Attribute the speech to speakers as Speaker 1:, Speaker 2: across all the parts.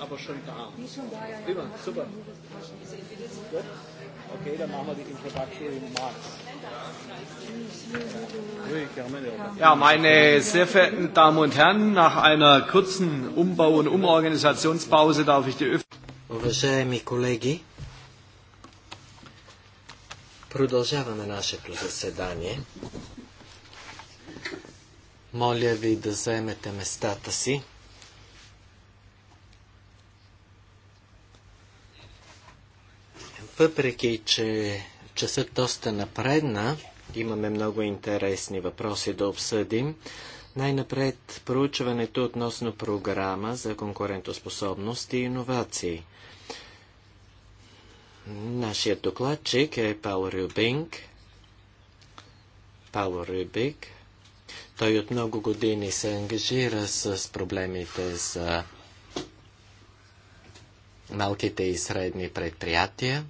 Speaker 1: aber schon da. Die schon da, ja. Immer, super.
Speaker 2: Gut. Okay, dann machen wir die Introduction Ja, meine sehr verehrten Damen und Herren, nach einer kurzen
Speaker 3: Umbau- und Umorganisationspause darf ich die Öffentlichkeit. Продължаваме нашето заседание. Моля ви да заемете местата си. Въпреки, че часът доста напредна, имаме много интересни въпроси да обсъдим. Най-напред проучването относно програма за конкурентоспособност и иновации – Нашият докладчик е Пал Рюбинг. Пал Рюбинг. Той от много години се ангажира с проблемите за малките и средни предприятия,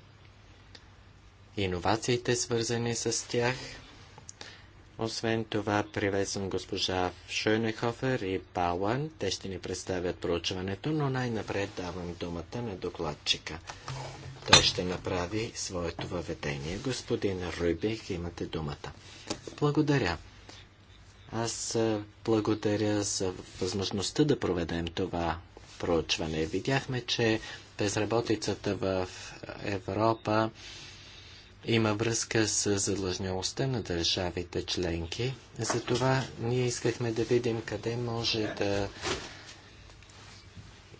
Speaker 3: иновациите свързани с тях – освен това, приветствам госпожа Шойнехофер и Пауан. Те ще ни представят проучването, но най-напред давам думата на докладчика. Той ще направи своето въведение. Господин Рубих, имате думата. Благодаря. Аз благодаря за възможността да проведем това проучване. Видяхме, че безработицата в Европа има връзка с задлъжнялостта на държавите членки. Затова ние искахме да видим къде може да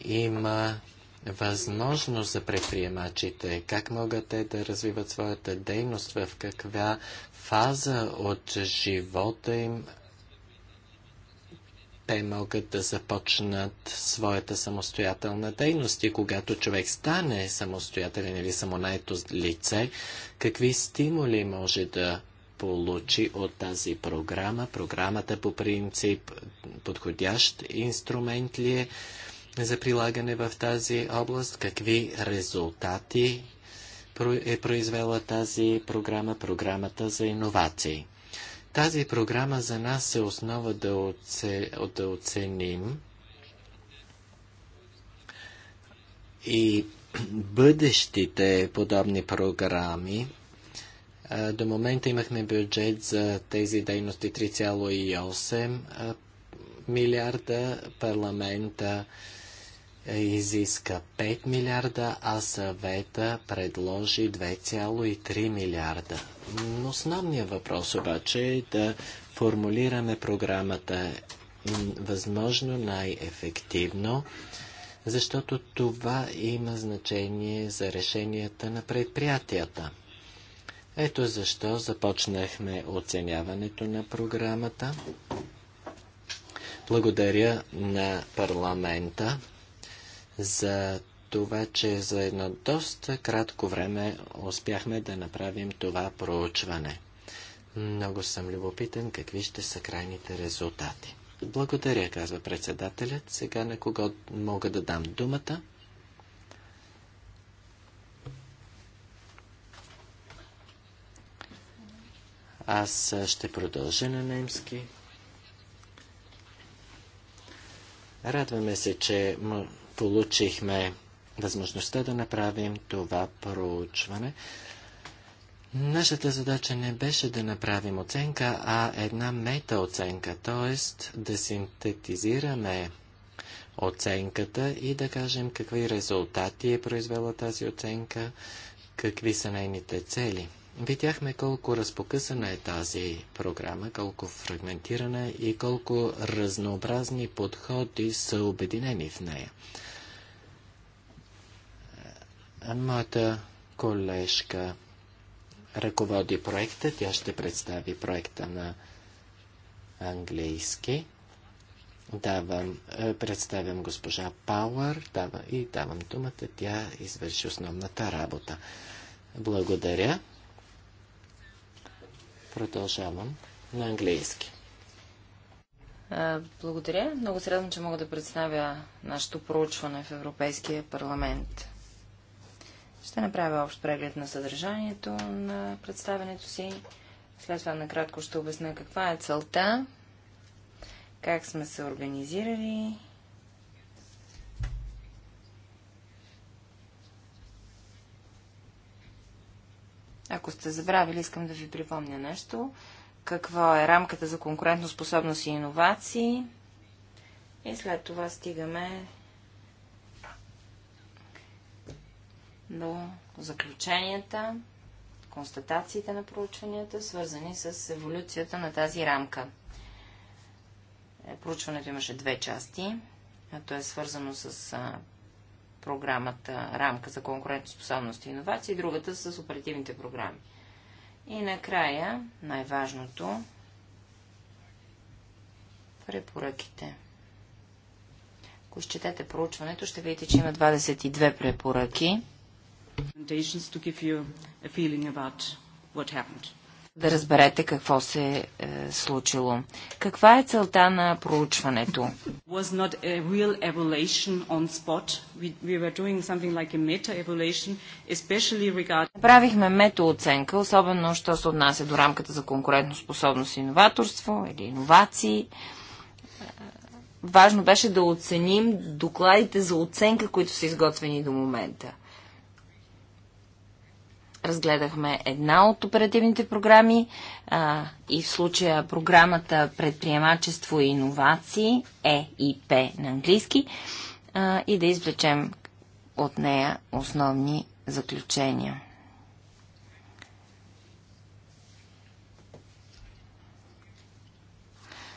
Speaker 3: има възможност за предприемачите, как могат те да развиват своята дейност, в каква фаза от живота им те могат да започнат своята самостоятелна дейност и когато човек стане самостоятелен или самонайто лице, какви стимули може да получи от тази програма? Програмата по принцип подходящ инструмент ли е за прилагане в тази област? Какви резултати е произвела тази програма, програмата за иновации? Тази програма за нас е основа да, оце, да оценим и бъдещите подобни програми. До момента имахме бюджет за тези дейности 3,8 милиарда. Парламента изиска 5 милиарда, а съвета предложи 2,3 милиарда. Но основният въпрос обаче е да формулираме програмата възможно най-ефективно, защото това има значение за решенията на предприятията. Ето защо започнахме оценяването на програмата. Благодаря на парламента за това, че за едно доста кратко време успяхме да направим това проучване. Много съм любопитен какви ще са крайните резултати. Благодаря, казва председателят. Сега на кого мога да дам думата? Аз ще продължа на немски. Радваме се, че получихме възможността да направим това проучване. Нашата задача не беше да направим оценка, а една метаоценка, т.е. да синтетизираме оценката и да кажем какви резултати е произвела тази оценка, какви са нейните цели. Видяхме колко разпокъсана е тази програма, колко фрагментирана и колко разнообразни подходи са обединени в нея. Е, моята колежка ръководи проекта, тя ще представи проекта на английски. Давам, е, представям госпожа Пауър и давам думата, тя извърши основната работа. Благодаря. Продължавам на английски.
Speaker 4: Благодаря. Много се радвам, че мога да представя нашето проучване в Европейския парламент. Ще направя общ преглед на съдържанието на представенето си. След това накратко ще обясня каква е целта, как сме се организирали Ако сте забравили, искам да ви припомня нещо. Какво е рамката за конкурентоспособност и иновации? И след това стигаме до заключенията, констатациите на проучванията, свързани с еволюцията на тази рамка. Е, проучването имаше две части. То е свързано с програмата Рамка за конкурентоспособност и иновации, другата с оперативните програми. И накрая, най-важното, препоръките. Ако изчетете проучването, ще видите, че има 22 препоръки. what happened да разберете какво се е случило. Каква е целта на проучването? Направихме метаоценка, особено що се отнася до рамката за конкурентоспособност и иноваторство или иновации е, важно беше да оценим докладите за оценка, които са изготвени до момента разгледахме една от оперативните програми а, и в случая програмата Предприемачество и иновации, е П на английски, а, и да извлечем от нея основни заключения.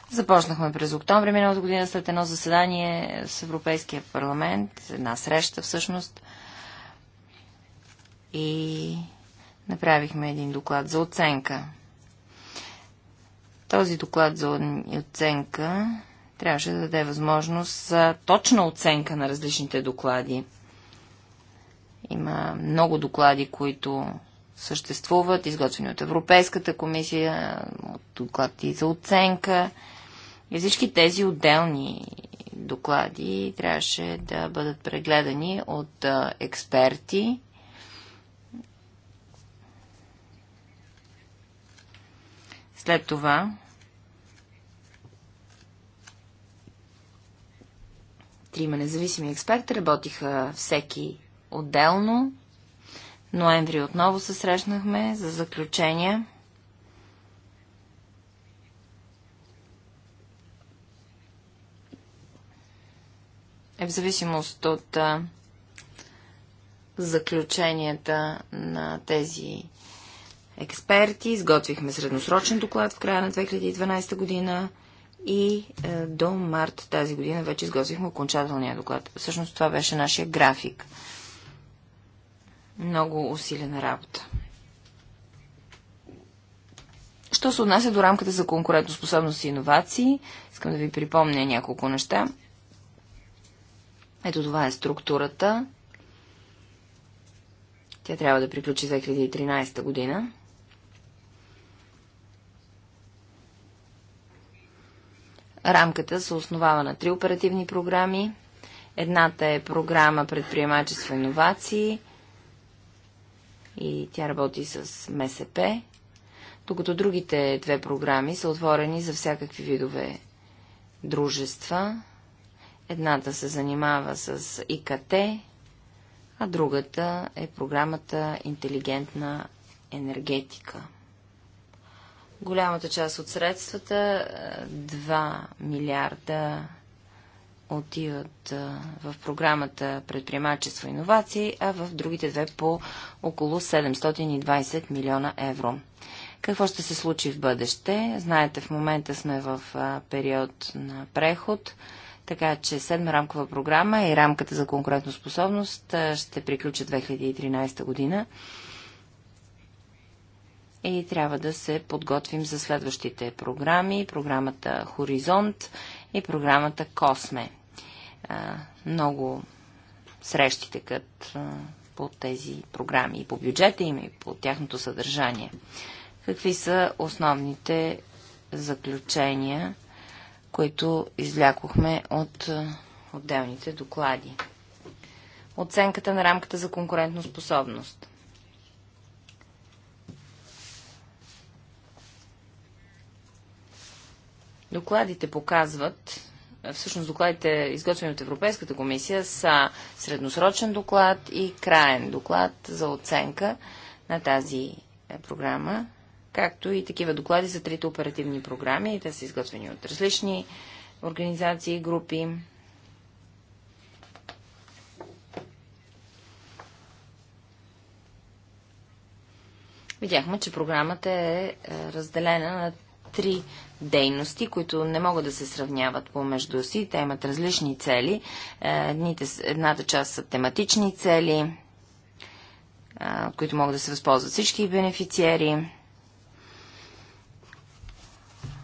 Speaker 4: Започнахме през октомври миналата година след едно заседание с Европейския парламент, една среща всъщност. И направихме един доклад за оценка. Този доклад за оценка трябваше да даде възможност за точна оценка на различните доклади. Има много доклади, които съществуват, изготвени от Европейската комисия, от доклади за оценка. И всички тези отделни доклади трябваше да бъдат прегледани от експерти, След това трима независими експерти работиха всеки отделно. Ноември отново се срещнахме за заключение. Е в зависимост от заключенията на тези експерти, изготвихме средносрочен доклад в края на 2012 година и е, до март тази година вече изготвихме окончателния доклад. Всъщност това беше нашия график. Много усилена работа. Що се отнася до рамката за конкурентоспособност и иновации, искам да ви припомня няколко неща. Ето това е структурата. Тя трябва да приключи 2013 година. Рамката се основава на три оперативни програми. Едната е програма предприемачество и иновации и тя работи с МСП, докато другите две програми са отворени за всякакви видове дружества. Едната се занимава с ИКТ, а другата е програмата Интелигентна енергетика. Голямата част от средствата, 2 е, милиарда отиват е, в програмата предприемачество и иновации, а в другите две по около 720 милиона евро. Какво ще се случи в бъдеще? Знаете, в момента сме в е, период на преход, така че седма рамкова програма и рамката за конкурентоспособност ще приключат 2013 година и трябва да се подготвим за следващите програми, програмата Хоризонт и програмата Косме. Много срещи текат по тези програми и по бюджета им и по тяхното съдържание. Какви са основните заключения, които излякохме от отделните доклади? Оценката на рамката за конкурентно способност – Докладите показват, всъщност докладите, изготвени от Европейската комисия, са средносрочен доклад и краен доклад за оценка на тази е, програма, както и такива доклади за трите оперативни програми. те са изготвени от различни организации и групи. Видяхме, че програмата е, е разделена на три дейности, които не могат да се сравняват помежду си. Те имат различни цели. Е, едните, едната част са тематични цели, е, които могат да се възползват всички бенефициери.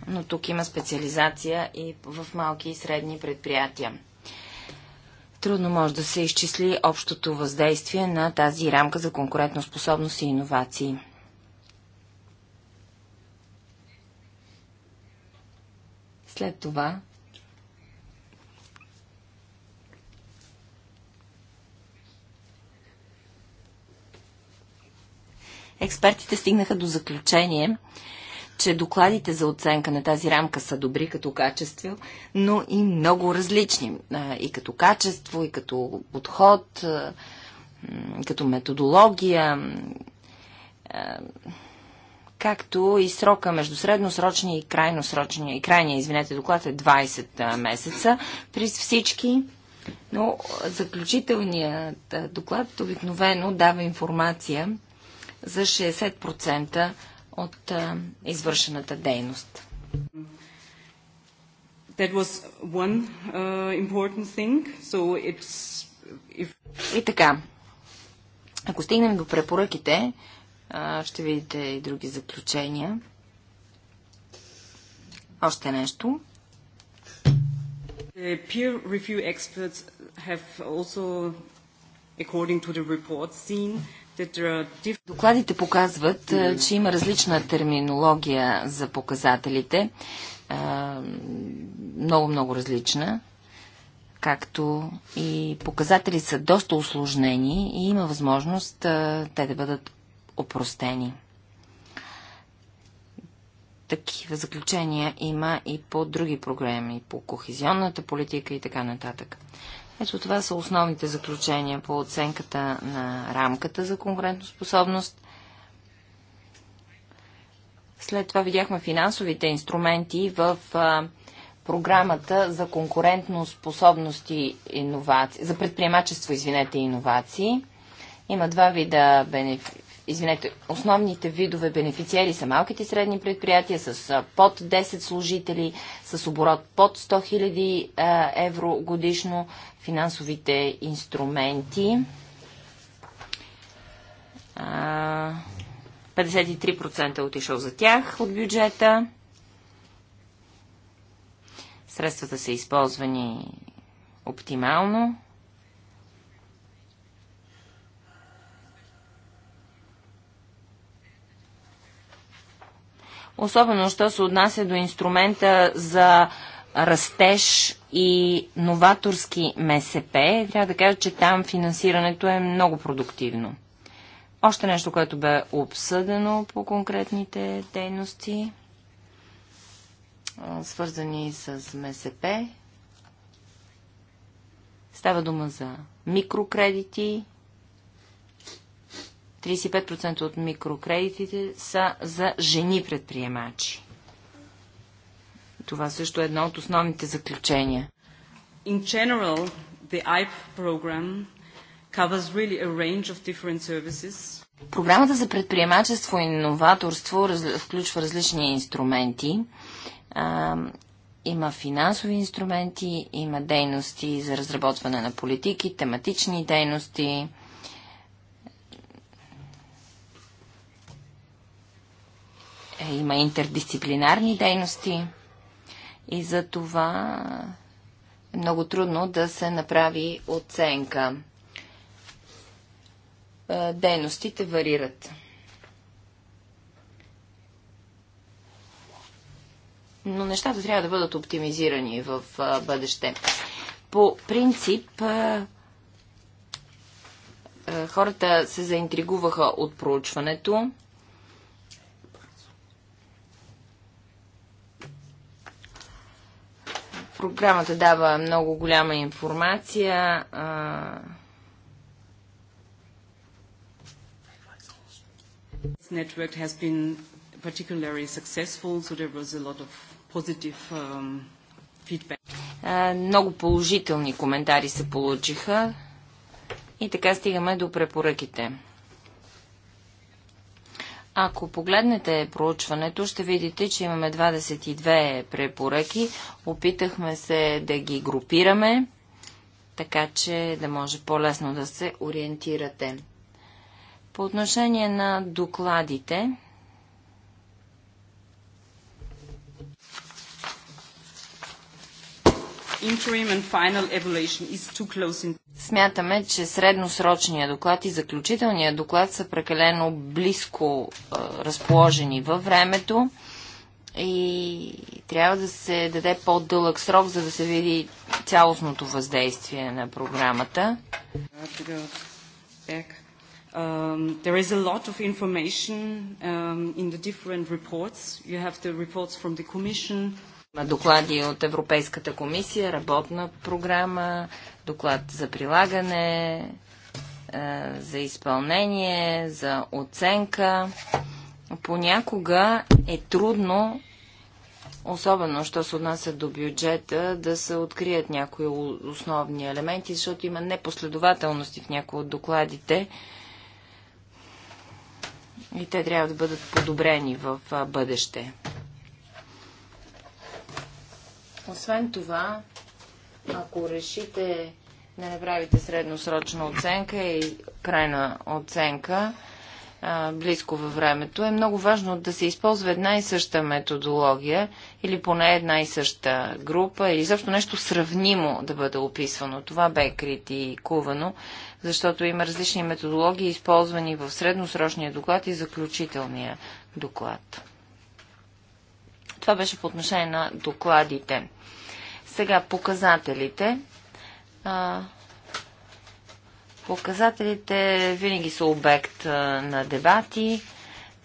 Speaker 4: Но тук има специализация и в малки и средни предприятия. Трудно може да се изчисли общото въздействие на тази рамка за конкурентоспособност и иновации. След това експертите стигнаха до заключение, че докладите за оценка на тази рамка са добри като качество, но и много различни. И като качество, и като подход, и като методология както и срока между средносрочния и крайносрочния, и крайния, извинете, доклад е 20 месеца при всички, но заключителният доклад обикновено дава информация за 60% от извършената дейност.
Speaker 1: That was one uh, important thing. So
Speaker 4: it's, if... И така, ако стигнем до препоръките, ще видите и други заключения. Още нещо. The peer review experts
Speaker 1: have also, according to the report, seen
Speaker 4: Докладите показват, че има различна терминология за показателите, много-много различна, както и показатели са доста усложнени и има възможност те да бъдат опростени. Такива заключения има и по други програми, по кохезионната политика и така нататък. Ето това са основните заключения по оценката на рамката за конкурентоспособност. След това видяхме финансовите инструменти в а, програмата за конкурентно способност и иновации, за предприемачество, извинете, иновации. Има два вида бенефи извинете, основните видове бенефициери са малките и средни предприятия с под 10 служители, с оборот под 100 000 евро годишно, финансовите инструменти. 53% е отишъл за тях от бюджета. Средствата са използвани оптимално. особено що се отнася до инструмента за растеж и новаторски МСП, трябва да кажа, че там финансирането е много продуктивно. Още нещо, което бе обсъдено по конкретните дейности, свързани с МСП. Става дума за микрокредити, 35% от микрокредитите са за жени предприемачи. Това също е едно от основните заключения. In general, the
Speaker 1: IPE program covers really a range of different services.
Speaker 4: Програмата за предприемачество и новаторство включва различни инструменти. има финансови инструменти, има дейности за разработване на политики, тематични дейности, Е, има интердисциплинарни дейности и за това е много трудно да се направи оценка. Е, дейностите варират. Но нещата трябва да бъдат оптимизирани в е, бъдеще. По принцип, хората се заинтригуваха от проучването Програмата дава много голяма информация. А...
Speaker 1: network has been particularly successful, so there was a lot of
Speaker 4: positive um, feedback. Много положителни коментари се получиха и така стигаме до препоръките. Ако погледнете проучването, ще видите, че имаме 22 препоръки. Опитахме се да ги групираме, така че да може по-лесно да се ориентирате. По отношение на докладите, Смятаме, че средносрочният доклад и заключителният доклад са прекалено близко а, разположени във времето и трябва да се даде по-дълъг срок, за да се види цялостното въздействие на програмата. Um, there is a lot of
Speaker 1: information um, in the different reports. You have the reports from the Commission,
Speaker 4: има доклади от Европейската комисия, работна програма, доклад за прилагане, е, за изпълнение, за оценка. Понякога е трудно, особено що се отнася до бюджета, да се открият някои основни елементи, защото има непоследователности в някои от докладите и те трябва да бъдат подобрени в бъдеще. Освен това, ако решите да направите средносрочна оценка и крайна оценка, близко във времето, е много важно да се използва една и съща методология или поне една и съща група или също нещо сравнимо да бъде описвано. Това бе критикувано, защото има различни методологии, използвани в средносрочния доклад и заключителния доклад. Това беше по отношение на докладите. Сега показателите. А, показателите винаги са обект а, на дебати.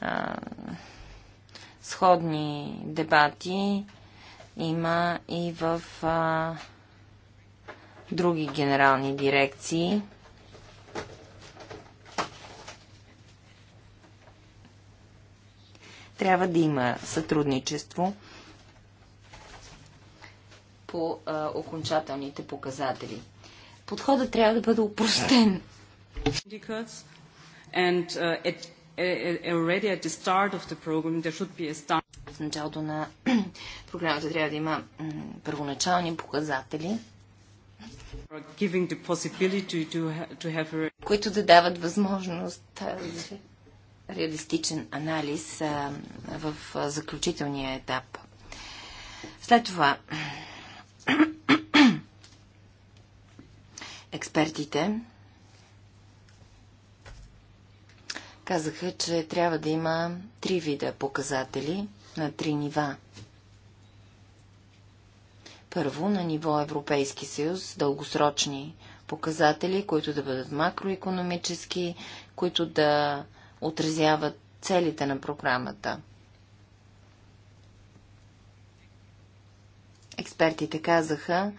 Speaker 4: А, сходни дебати има и в а, други генерални дирекции. Трябва да има сътрудничество по а, окончателните показатели. Подходът трябва да бъде упростен. Uh, uh, в началото на програмата трябва да има първоначални показатели, които да дават възможност за реалистичен анализ в заключителния етап. След това, експертите казаха, че трябва да има три вида показатели на три нива. Първо, на ниво Европейски съюз, дългосрочни показатели, които да бъдат макроекономически, които да отразяват целите на програмата. Експертите казаха,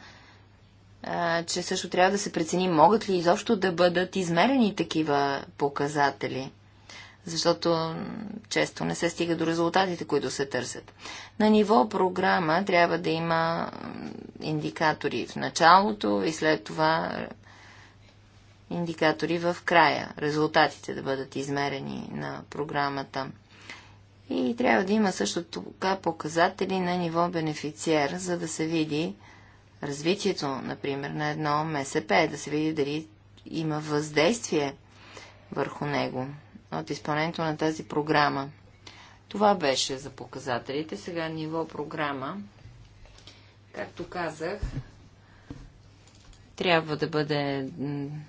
Speaker 4: че също трябва да се прецени могат ли изобщо да бъдат измерени такива показатели, защото често не се стига до резултатите, които се търсят. На ниво програма трябва да има индикатори в началото и след това индикатори в края, резултатите да бъдат измерени на програмата.
Speaker 3: И трябва да има
Speaker 4: също така показатели на ниво бенефициер, за да се види развитието, например, на едно МСП, да се види дали има въздействие върху него от изпълнението на тази програма. Това беше за показателите. Сега ниво програма, както казах, трябва да бъде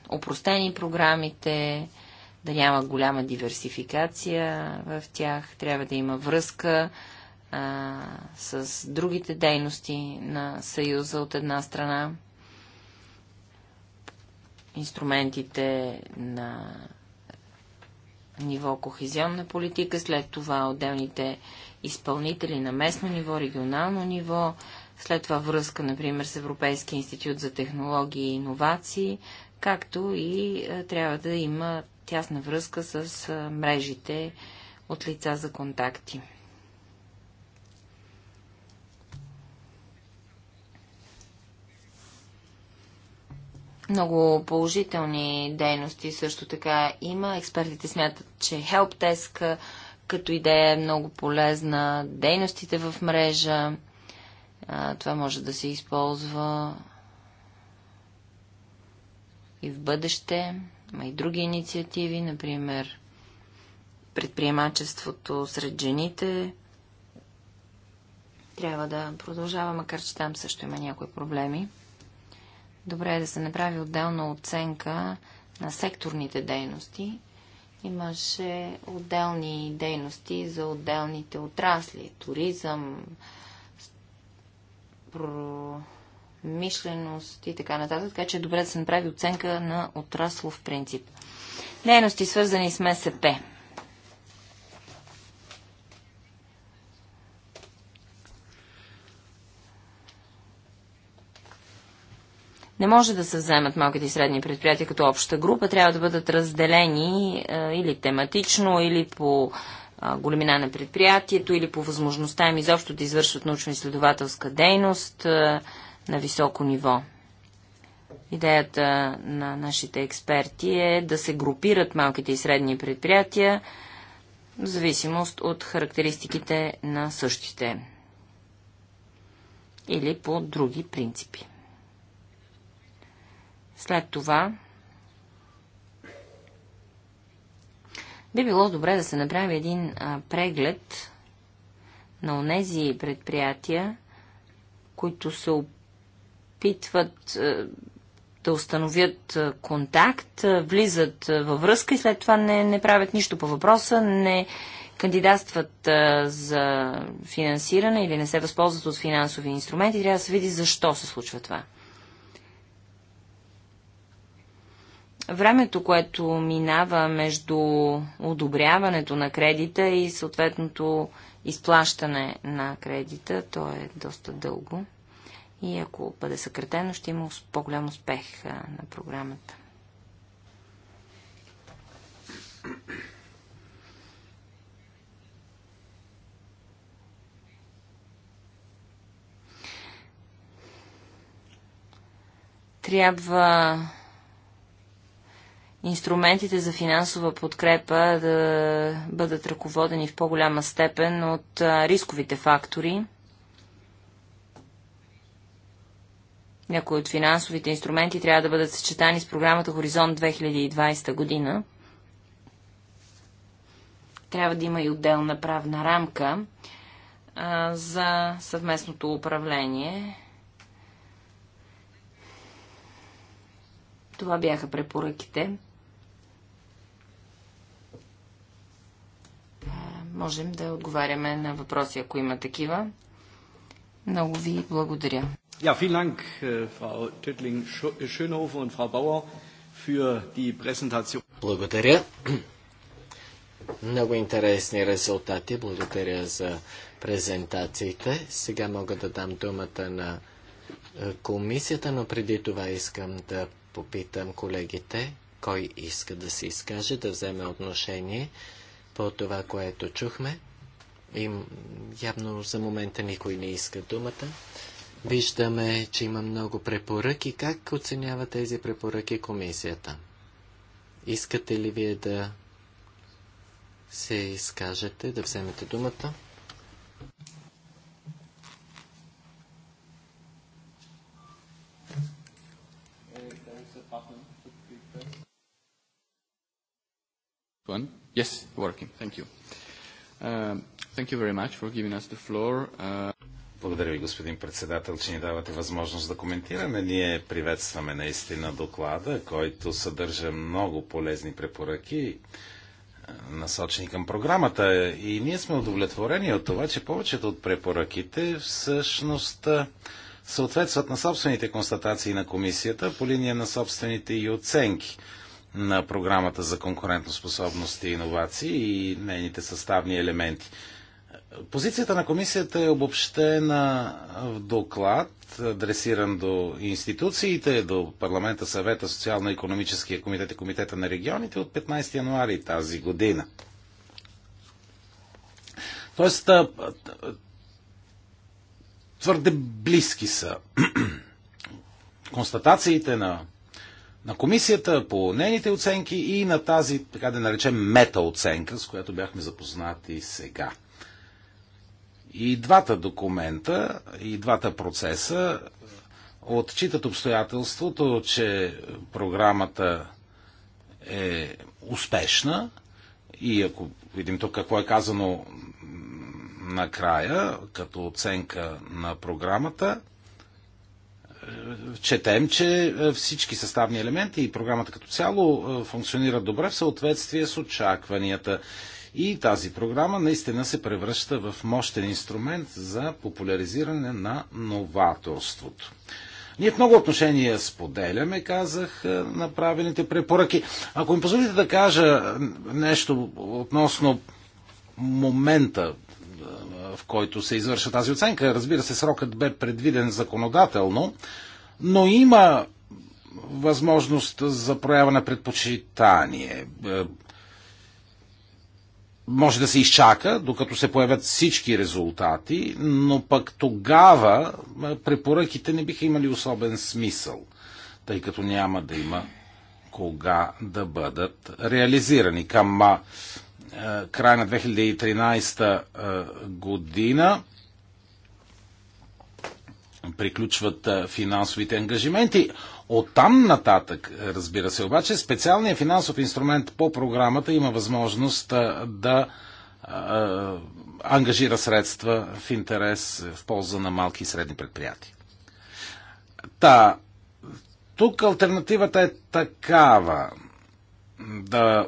Speaker 4: опростени програмите, да няма голяма диверсификация в тях, трябва да има връзка а, с другите дейности на Съюза от една страна, инструментите на ниво кохезионна политика, след това отделните изпълнители на местно ниво, регионално ниво, след това връзка, например, с Европейския институт за технологии и иновации, както и а, трябва да има тясна връзка с а, мрежите от лица за контакти. Много положителни дейности също така има. Експертите смятат, че Helpdesk като идея е много полезна. Дейностите в мрежа, това може да се използва и в бъдеще. Има и други инициативи, например предприемачеството сред жените. Трябва да продължава, макар че там също има някои проблеми. Добре е да се направи отделна оценка на секторните дейности. Имаше отделни дейности за отделните отрасли. Туризъм, промишленост и така нататък. Така че е добре да се направи оценка на отраслов принцип. Дейности свързани с МСП. Не може да се вземат малките и средни предприятия като обща група, трябва да бъдат разделени а, е, или тематично, или по а, е, големина на предприятието, или по възможността им изобщо да извършват научно-изследователска дейност а, е, на високо ниво. Идеята на нашите експерти е да се групират малките и средни предприятия в зависимост от характеристиките на същите или по други принципи. След това би било добре да се направи един а, преглед на онези предприятия, които се опитват а, да установят а, контакт, а, влизат а, във връзка и след това не, не правят нищо по въпроса, не кандидатстват а, за финансиране или не се възползват от финансови инструменти. Трябва да се види защо се случва това. Времето, което минава между одобряването на кредита и съответното изплащане на кредита, то е доста дълго. И ако бъде съкратено, ще има по-голям успех на програмата. Трябва инструментите за финансова подкрепа да бъдат ръководени в по-голяма степен от рисковите фактори. Някои от финансовите инструменти трябва да бъдат съчетани с програмата Хоризонт 2020 година. Трябва да има и отделна правна рамка а, за съвместното управление. Това бяха препоръките. можем да отговаряме на въпроси, ако има такива. Много ви благодаря.
Speaker 3: Ja, vielen Dank, äh, Frau tüttling schönhofer und Frau Bauer für die Präsentation. Благодаря. Много интересни резултати. Благодаря за презентациите. Сега мога да дам думата на е, комисията, но преди това искам да попитам колегите, кой иска да се изкаже, да вземе отношение по това, което чухме. И явно за момента никой не иска думата. Виждаме, че има много препоръки. Как оценява тези препоръки комисията? Искате ли вие да се изкажете, да вземете думата? One. Yes, working. Thank
Speaker 2: you. Um, thank you very much for giving us the floor. Uh, Благодаря ви, господин председател, че ни давате възможност да коментираме. Ние приветстваме наистина доклада, който съдържа много полезни препоръки, е, насочени към програмата. И ние сме удовлетворени от това, че повечето от препоръките всъщност е, съответстват на собствените констатации на комисията по линия на собствените и оценки – на програмата за конкурентоспособност и иновации и нейните съставни елементи. Позицията на комисията е обобщена в доклад, адресиран до институциите, до парламента, съвета, социално-економическия комитет и комитета на регионите от 15 януари тази година. Тоест, твърде близки са констатациите на на комисията, по нейните оценки и на тази, така да наречем, мета-оценка, с която бяхме запознати сега. И двата документа, и двата процеса е, отчитат обстоятелството, че програмата е успешна и ако видим тук какво е казано накрая като оценка на програмата, четем, че е, всички съставни елементи и програмата като цяло е, функционират добре в съответствие с очакванията. И тази програма наистина се превръща в мощен инструмент за популяризиране на новаторството. Ние в много отношения споделяме, казах, е, направените препоръки. Ако ми позволите да кажа нещо относно момента, в който се извършва тази оценка. Разбира се, срокът бе предвиден законодателно, но има възможност за проява на предпочитание. Е, може да се изчака, докато се появят всички резултати, но пък тогава е, препоръките не биха имали особен смисъл, тъй като няма да има кога да бъдат реализирани. Към е, края на 2013 е, година приключват е, финансовите ангажименти. От там нататък, разбира се, обаче специалният финансов инструмент по програмата има възможност да ангажира средства в интерес, в полза на малки и средни предприятия. Та, тук альтернативата е такава да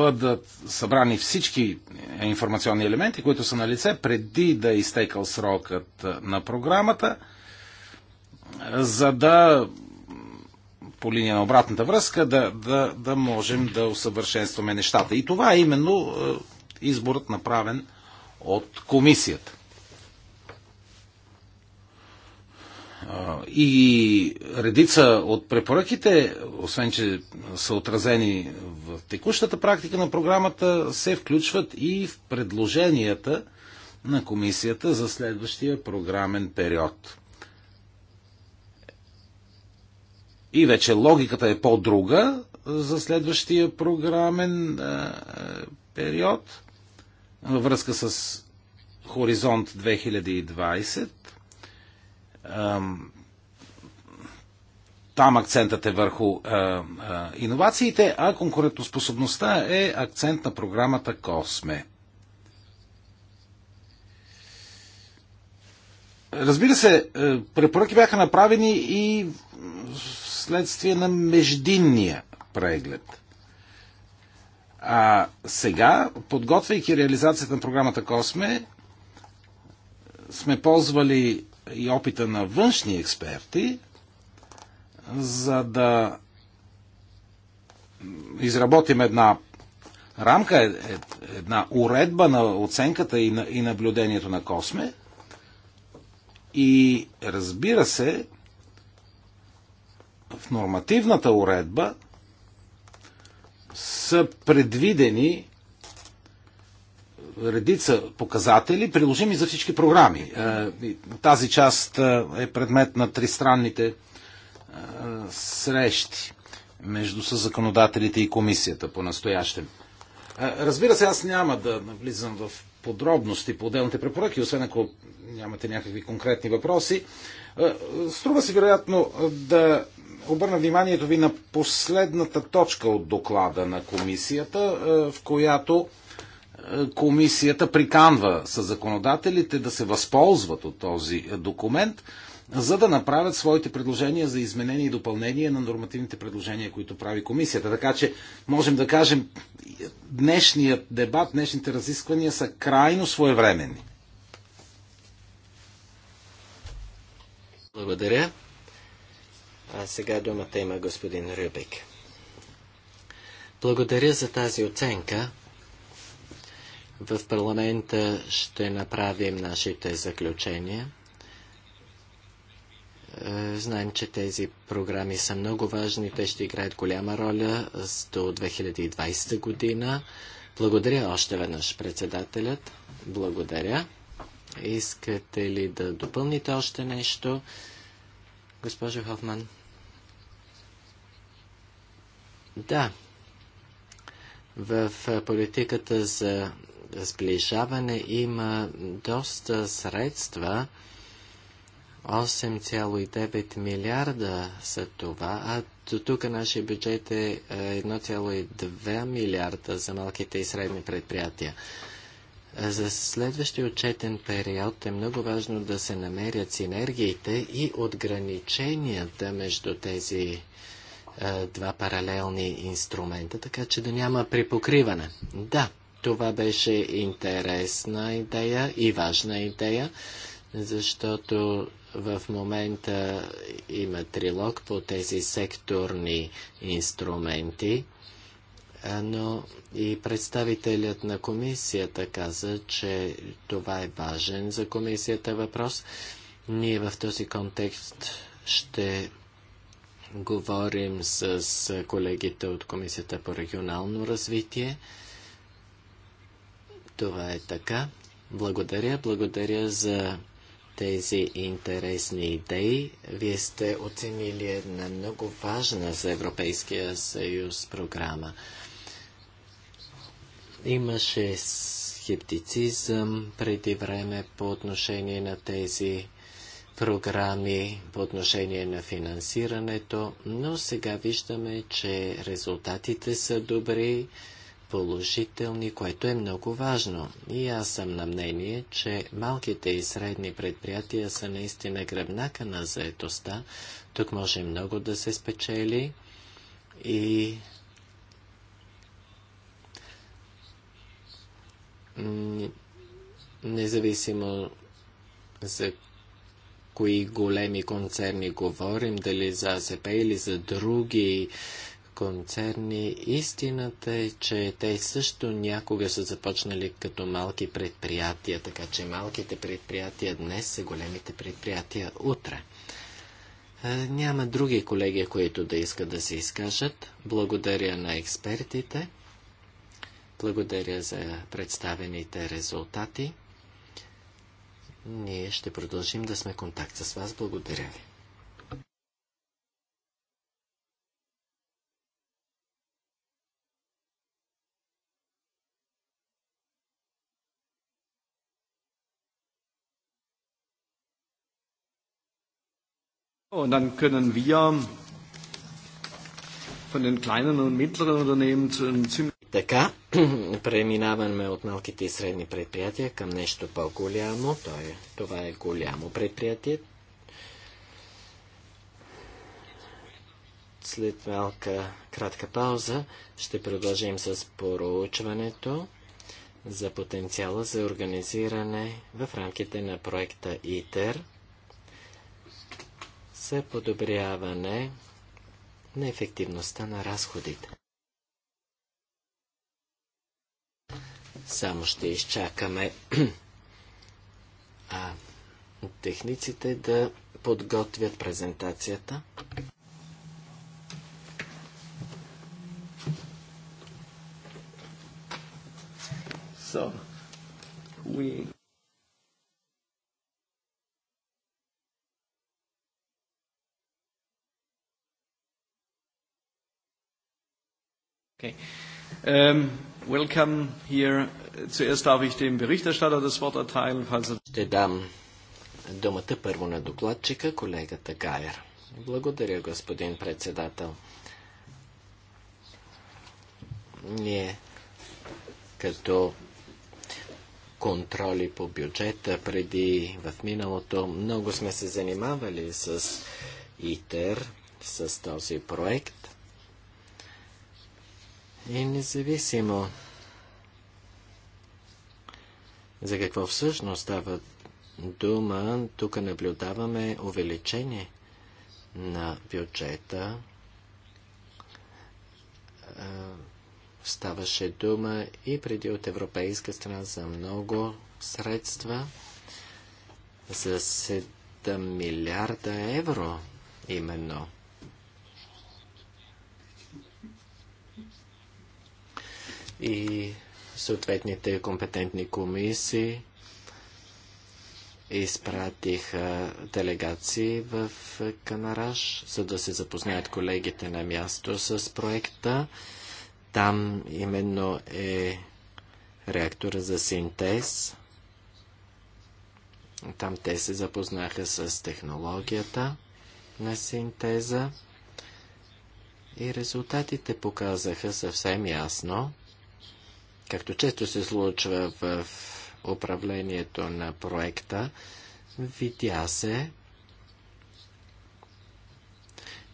Speaker 2: бъдат събрани всички информационни елементи, които са на лице, преди да е изтекал срокът на програмата, за да по линия на обратната връзка да, да, да можем да усъвършенстваме нещата. И това е именно изборът направен от комисията. И редица от препоръките, освен че са отразени в текущата практика на програмата, се включват и в предложенията на комисията за следващия програмен период. И вече логиката е по-друга за следващия програмен период във връзка с Хоризонт 2020 там акцентът е върху иновациите, а конкурентоспособността е акцент на програмата Косме. Разбира се, препоръки бяха направени и следствие на междинния преглед. А сега, подготвяйки реализацията на програмата Косме, сме ползвали и опита на външни експерти, за да изработим една рамка, е, е, една уредба на оценката и, наблюдението на Косме. И разбира се, в нормативната уредба са предвидени редица показатели, приложими за всички програми. Е, тази част е, е предмет на тристранните е, срещи между законодателите и комисията по настоящем. Разбира се, аз няма да навлизам в подробности по отделните препоръки, освен ако нямате някакви конкретни въпроси. Струва се вероятно да обърна вниманието ви на последната точка от доклада на комисията, в която комисията приканва със законодателите да се възползват от този документ, за да направят своите предложения за изменение и допълнение на нормативните предложения, които прави комисията. Така че можем да кажем, днешният дебат, днешните разисквания са крайно своевременни.
Speaker 3: Благодаря. А сега думата има господин Рюбик. Благодаря за тази оценка. В парламента ще направим нашите заключения. Е, знаем, че тези програми са много важни. Те ще играят голяма роля до 2020 година. Благодаря още веднъж председателят. Благодаря. Искате ли да допълните още нещо, госпожо Хофман? Да. В политиката за сближаване има доста средства. 8,9 милиарда са това, а тук нашия бюджет е 1,2 е милиарда за малките и средни предприятия. За следващия отчетен период е много важно да се намерят синергиите и отграниченията между тези е, два паралелни инструмента, така че да няма припокриване. Да, това беше интересна идея и важна идея, защото в момента има трилог по тези секторни инструменти, но и представителят на комисията каза, че това е важен за комисията въпрос. Ние в този контекст ще говорим с колегите от Комисията по регионално развитие. Това е така. Благодаря, благодаря за тези интересни идеи. Вие сте оценили една много важна за Европейския съюз програма. Имаше скептицизъм преди време по отношение на тези програми, по отношение на финансирането, но сега виждаме, че резултатите са добри положителни, което е много важно. И аз съм на мнение, че малките и средни предприятия са наистина гръбнака на заетостта. Тук може много да се спечели и независимо за кои големи концерни говорим, дали за АСП или за други концерни. Истината е, че те също някога са започнали като малки предприятия, така че малките предприятия днес са големите предприятия утре. Няма други колеги, които да искат да се изкажат. Благодаря на експертите. Благодаря за представените резултати. Ние ще продължим да сме контакт
Speaker 2: с вас. Благодаря ви.
Speaker 3: Und dann können wir von den kleinen und mittleren Unternehmen zu einem ziemlich... Така, преминаваме от малките и средни предприятия към нещо по-голямо. Е- това е голямо предприятие. След малка кратка пауза ще продължим с проучването за потенциала за организиране в рамките на проекта ИТЕР – за подобряване на ефективността на разходите. Само ще изчакаме а, техниците да подготвят презентацията.
Speaker 2: So, we...
Speaker 3: Okay. Um, welcome here. Zuerst darf ich dem Berichterstatter das Wort erteilen, falls er... Ще дам думата първо на докладчика, колегата Гайер. Благодаря, господин председател. Ние като контроли по бюджета преди в миналото. Много сме се занимавали с ИТЕР, с този проект. И независимо за какво всъщност става дума, тук наблюдаваме увеличение на бюджета. Ставаше дума и преди от европейска страна за много средства, за 7 милиарда евро именно. и съответните компетентни комисии изпратиха делегации в Канараш, за да се запознаят колегите на място с проекта. Там именно е реактора за синтез. Там те се запознаха с технологията на синтеза и резултатите показаха съвсем ясно, както често се случва в управлението на проекта, видя се,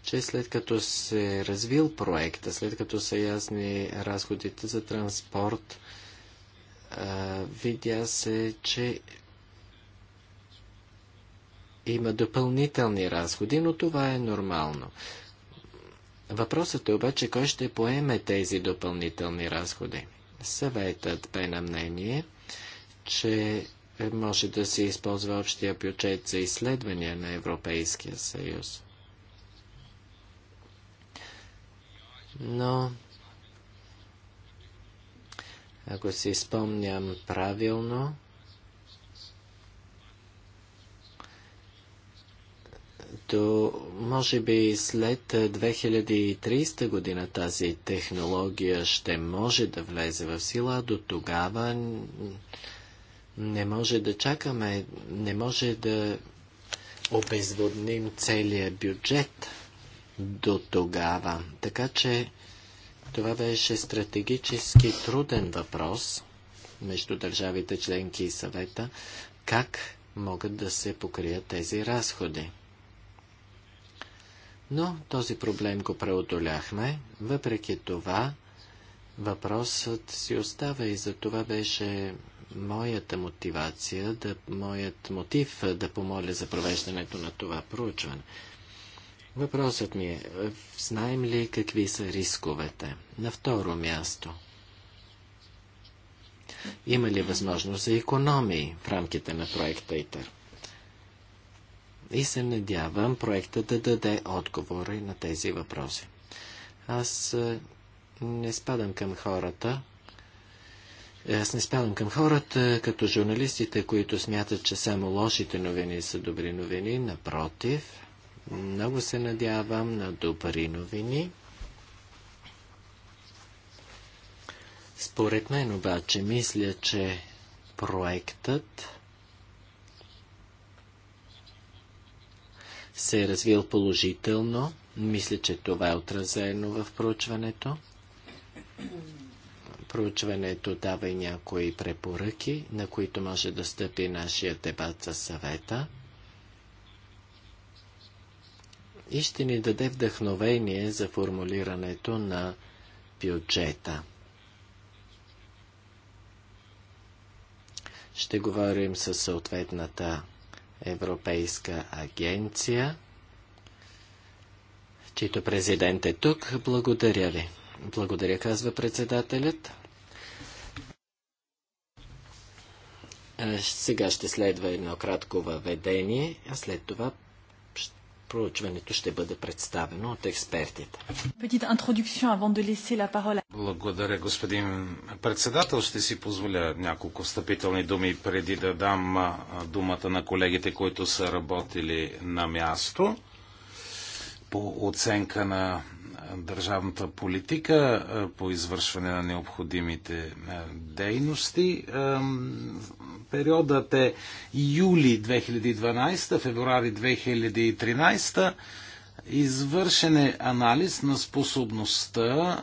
Speaker 3: че след като се е развил проекта, след като са ясни разходите за транспорт, видя се, че има допълнителни разходи, но това е нормално. Въпросът е обаче кой ще поеме тези допълнителни разходи. Съветът бе на мнение, че може да се използва общия бюджет за изследвания на Европейския съюз. Но, ако си спомням правилно, до, може би след 2030 е, година тази технология ще може да влезе в сила, до тогава не може да чакаме, не може да обезводним целия бюджет до тогава. Така че това беше стратегически труден въпрос между държавите членки и съвета, как могат да се покрият тези разходи. Но този проблем го преодоляхме. Въпреки това, въпросът си остава и за това беше моята мотивация, да, моят мотив да помоля за провеждането на това проучване. Въпросът ми е, знаем ли какви са рисковете? На второ място. Има ли възможност за економии в рамките на проекта ИТЕР? и се надявам проекта да даде отговори на тези въпроси. Аз е, не спадам към хората. Е, аз не спадам към хората, е, като журналистите, които смятат, че само лошите новини са добри новини. Напротив, много се надявам на добри новини. Според мен обаче мисля, че проектът се е развил положително. Мисля, че това е отразено в проучването. Проучването дава и някои препоръки, на които може да стъпи нашия дебат за съвета. И ще ни даде вдъхновение за формулирането на бюджета. Ще говорим със съответната Европейска агенция, чийто президент е тук. Благодаря ви. Благодаря, казва председателят. Сега ще следва едно кратко въведение, а след това
Speaker 2: проучването ще бъде представено от експертите. Благодаря, господин председател. Ще си позволя няколко встъпителни думи преди да дам думата на колегите, които са работили на място по оценка на държавната политика по извършване на необходимите дейности. Периодът е юли 2012, февруари 2013. Извършен е анализ на способността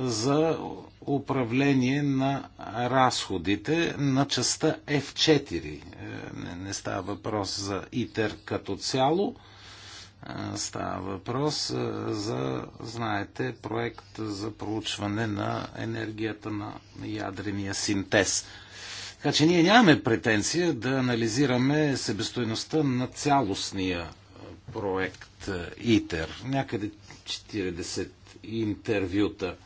Speaker 2: за управление на разходите на частта F4. Е, не става въпрос за ИТЕР като цяло Става въпрос за, знаете, проект за проучване на енергията на ядрения синтез. Така че ние нямаме претенция да анализираме себестоеността на цялостния проект ИТЕР. Някъде 40 интервюта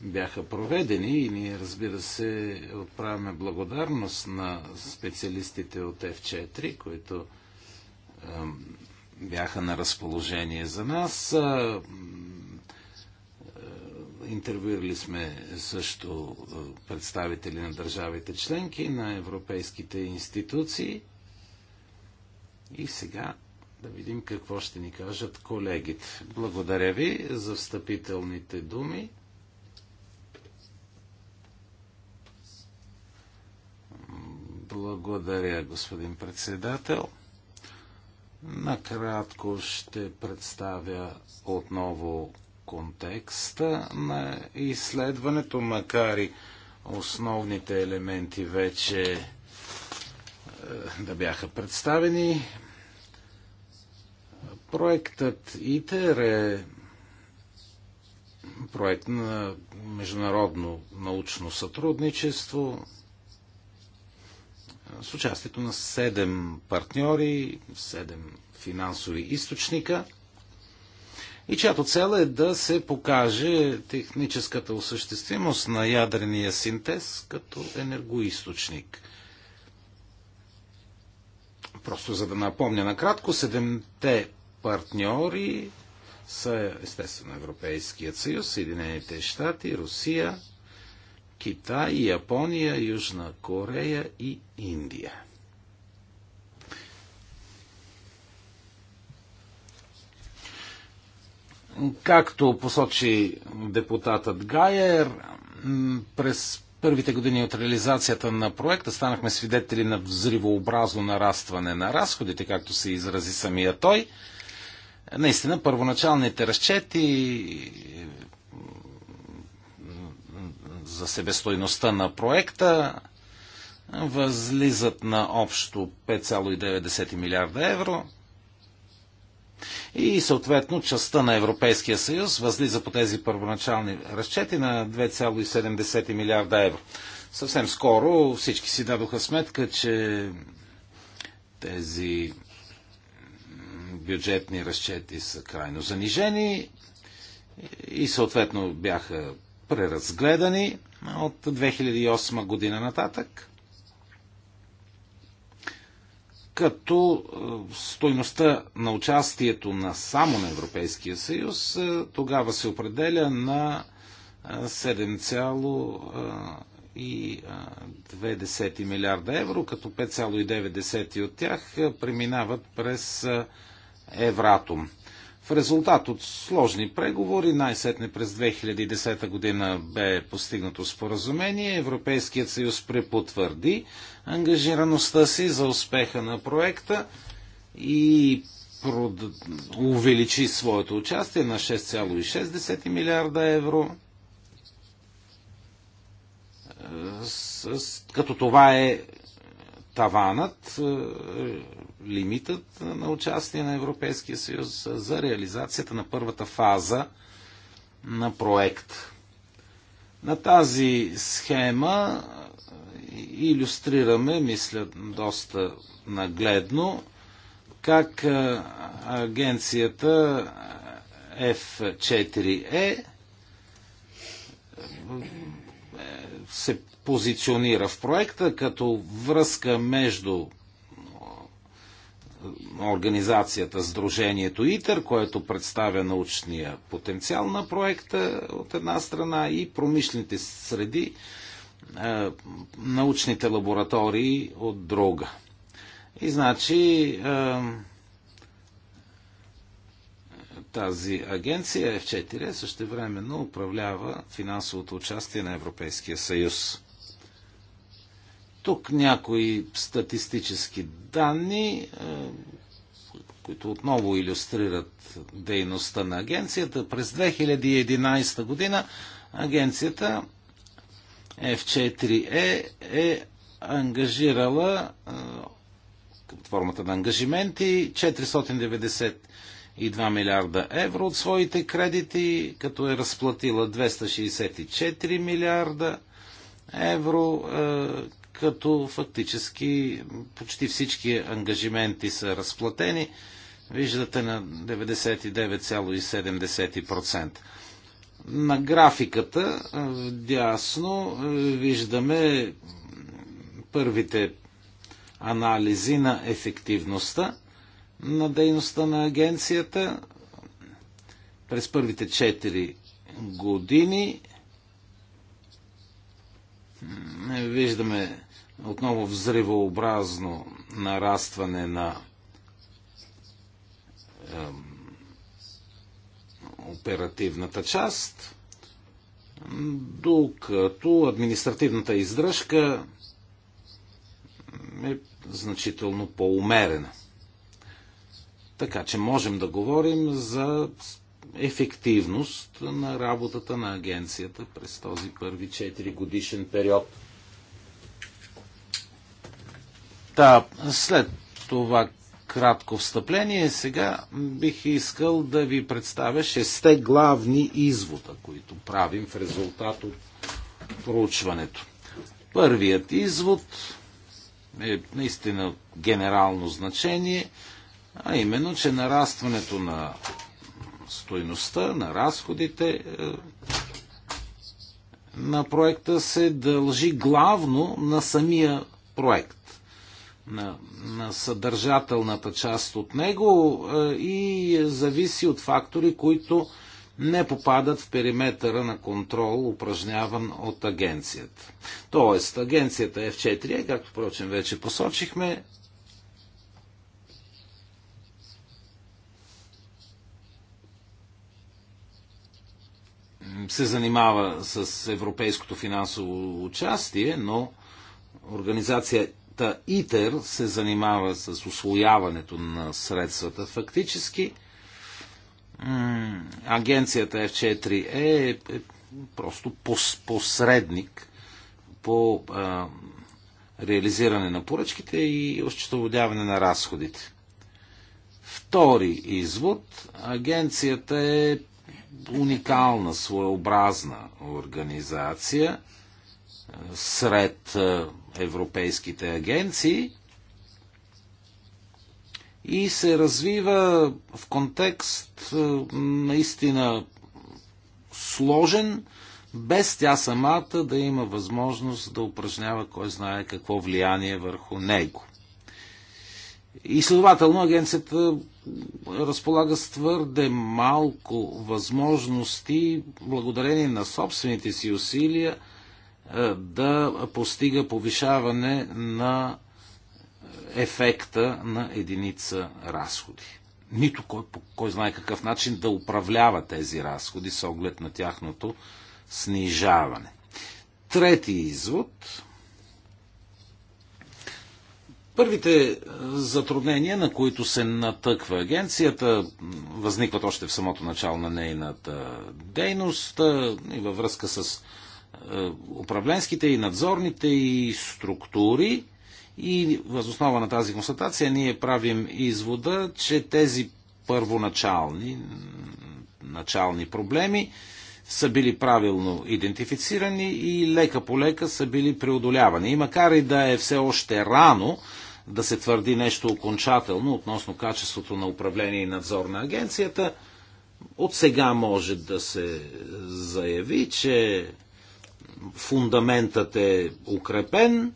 Speaker 2: бяха проведени и ние, разбира се, отправяме благодарност на специалистите от F4, които бяха на разположение за нас. Е, интервюирали сме също представители на държавите членки, на европейските институции. И сега да видим какво ще ни кажат колегите. Благодаря ви за встъпителните думи. Благодаря, господин председател. Накратко ще представя отново контекста на изследването, макар и основните елементи вече е, да бяха представени. Проектът ИТЕР е проект на международно научно сътрудничество с участието на 7 партньори, 7 финансови източника и чиято цел е да се покаже техническата осъществимост на ядрения синтез като енергоисточник. Просто за да напомня накратко, седемте партньори са естествено Европейският съюз, Съединените щати, Русия, Китай, Япония, Южна Корея и Индия. Както посочи депутатът Гайер, през първите години от реализацията на проекта станахме свидетели на взривообразно нарастване на разходите, както се изрази самия той. Наистина, първоначалните разчети за себестойността на проекта възлизат на общо 5,9 милиарда евро и съответно частта на Европейския съюз възлиза по тези първоначални разчети на 2,7 милиарда евро. Съвсем скоро всички си дадоха сметка, че тези бюджетни разчети са крайно занижени и съответно бяха преразгледани от 2008 година нататък, като е, стойността на участието на само на Европейския съюз е, тогава се определя на 7,2 е, милиарда евро, като 5,9 от тях преминават през Евратом. В резултат от сложни преговори, най-сетне през 2010 година бе постигнато споразумение, Европейският съюз препотвърди ангажираността си за успеха на проекта и прод... увеличи своето участие на 6,6 милиарда евро. С... Като това е таванът, лимитът на участие на Европейския съюз за реализацията на първата фаза на проект. На тази схема е, иллюстрираме, мисля, доста нагледно, как е, агенцията F4E е, се позиционира в проекта като връзка между организацията, сдружението ИТЕР, което представя научния потенциал на проекта от една страна и промишлените среди, е, научните лаборатории от друга. И значи е, тази агенция F4 също времено управлява финансовото участие на Европейския съюз. Тук някои статистически данни, е, които отново иллюстрират дейността на агенцията. През 2011 година агенцията F4E е, е ангажирала е, към формата на ангажименти 492 милиарда евро от своите кредити, като е разплатила 264 милиарда евро като фактически почти всички ангажименти са разплатени. Виждате на 99,7%. На графиката дясно виждаме първите анализи на ефективността на дейността на агенцията през първите 4 години Виждаме отново взривообразно нарастване на оперативната част, докато административната издръжка е значително по-умерена. Така че можем да говорим за ефективност на работата на агенцията през този първи 4 годишен период. Та, след това кратко встъпление, сега бих искал да ви представя шесте главни извода, които правим в резултат от проучването. Първият извод е наистина генерално значение, а именно, че нарастването на стойността на разходите е, на проекта се дължи главно на самия проект на, на съдържателната част от него е, и зависи от фактори, които не попадат в периметъра на контрол, упражняван от агенцията. Тоест, агенцията F4, както впрочем вече посочихме, се занимава с европейското финансово участие, но организацията ИТЕР се занимава с освояването на средствата фактически. Агенцията F4E е, е, е просто посредник по реализиране на поръчките и осчетоводяване на разходите. Втори извод. Агенцията е уникална, своеобразна организация е, сред е, европейските агенции и се развива в контекст е, наистина сложен, без тя самата да има възможност да упражнява кой знае какво влияние върху него. И следователно агенцията разполага с твърде малко възможности, благодарение на собствените си усилия, е, да постига повишаване на ефекта на единица разходи. Нито кой, по кой знае какъв начин да управлява тези разходи с оглед на тяхното снижаване. Трети извод Първите е, затруднения, на които се натъква агенцията, възникват още в самото начало на нейната дейност е, и във връзка с е, управленските и надзорните и структури. И възоснова на тази констатация ние правим извода, че тези първоначални начални проблеми са били правилно идентифицирани и лека по лека са били преодолявани. И макар и да е все още рано да се твърди нещо окончателно относно качеството на управление и надзор на агенцията, от сега може да се заяви, че фундаментът е укрепен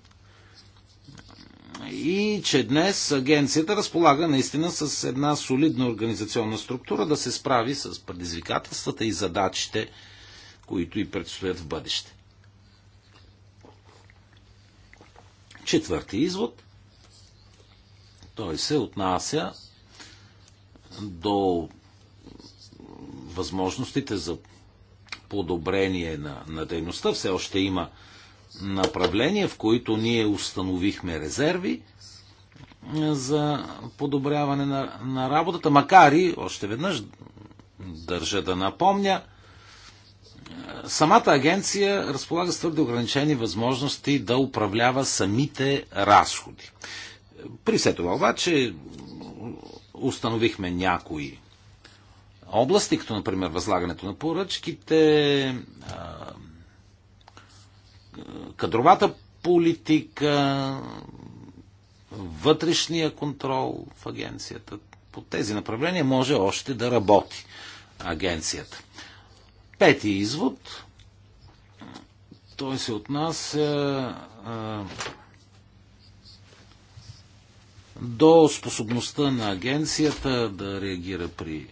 Speaker 2: и че днес агенцията разполага наистина с една солидна организационна структура да се справи с предизвикателствата и задачите, които и предстоят в бъдеще. Четвърти извод – той се отнася до възможностите за подобрение на, на дейността. Все още има направления, в които ние установихме резерви е, за подобряване на, на работата, макар и, още веднъж държа да напомня, е, самата агенция разполага с твърде ограничени възможности да управлява самите разходи. При все това обаче установихме някои области, като например възлагането на поръчките, кадровата политика, вътрешния контрол в агенцията. По тези направления може още да работи агенцията. Пети извод. Той се отнася до способността на агенцията да реагира при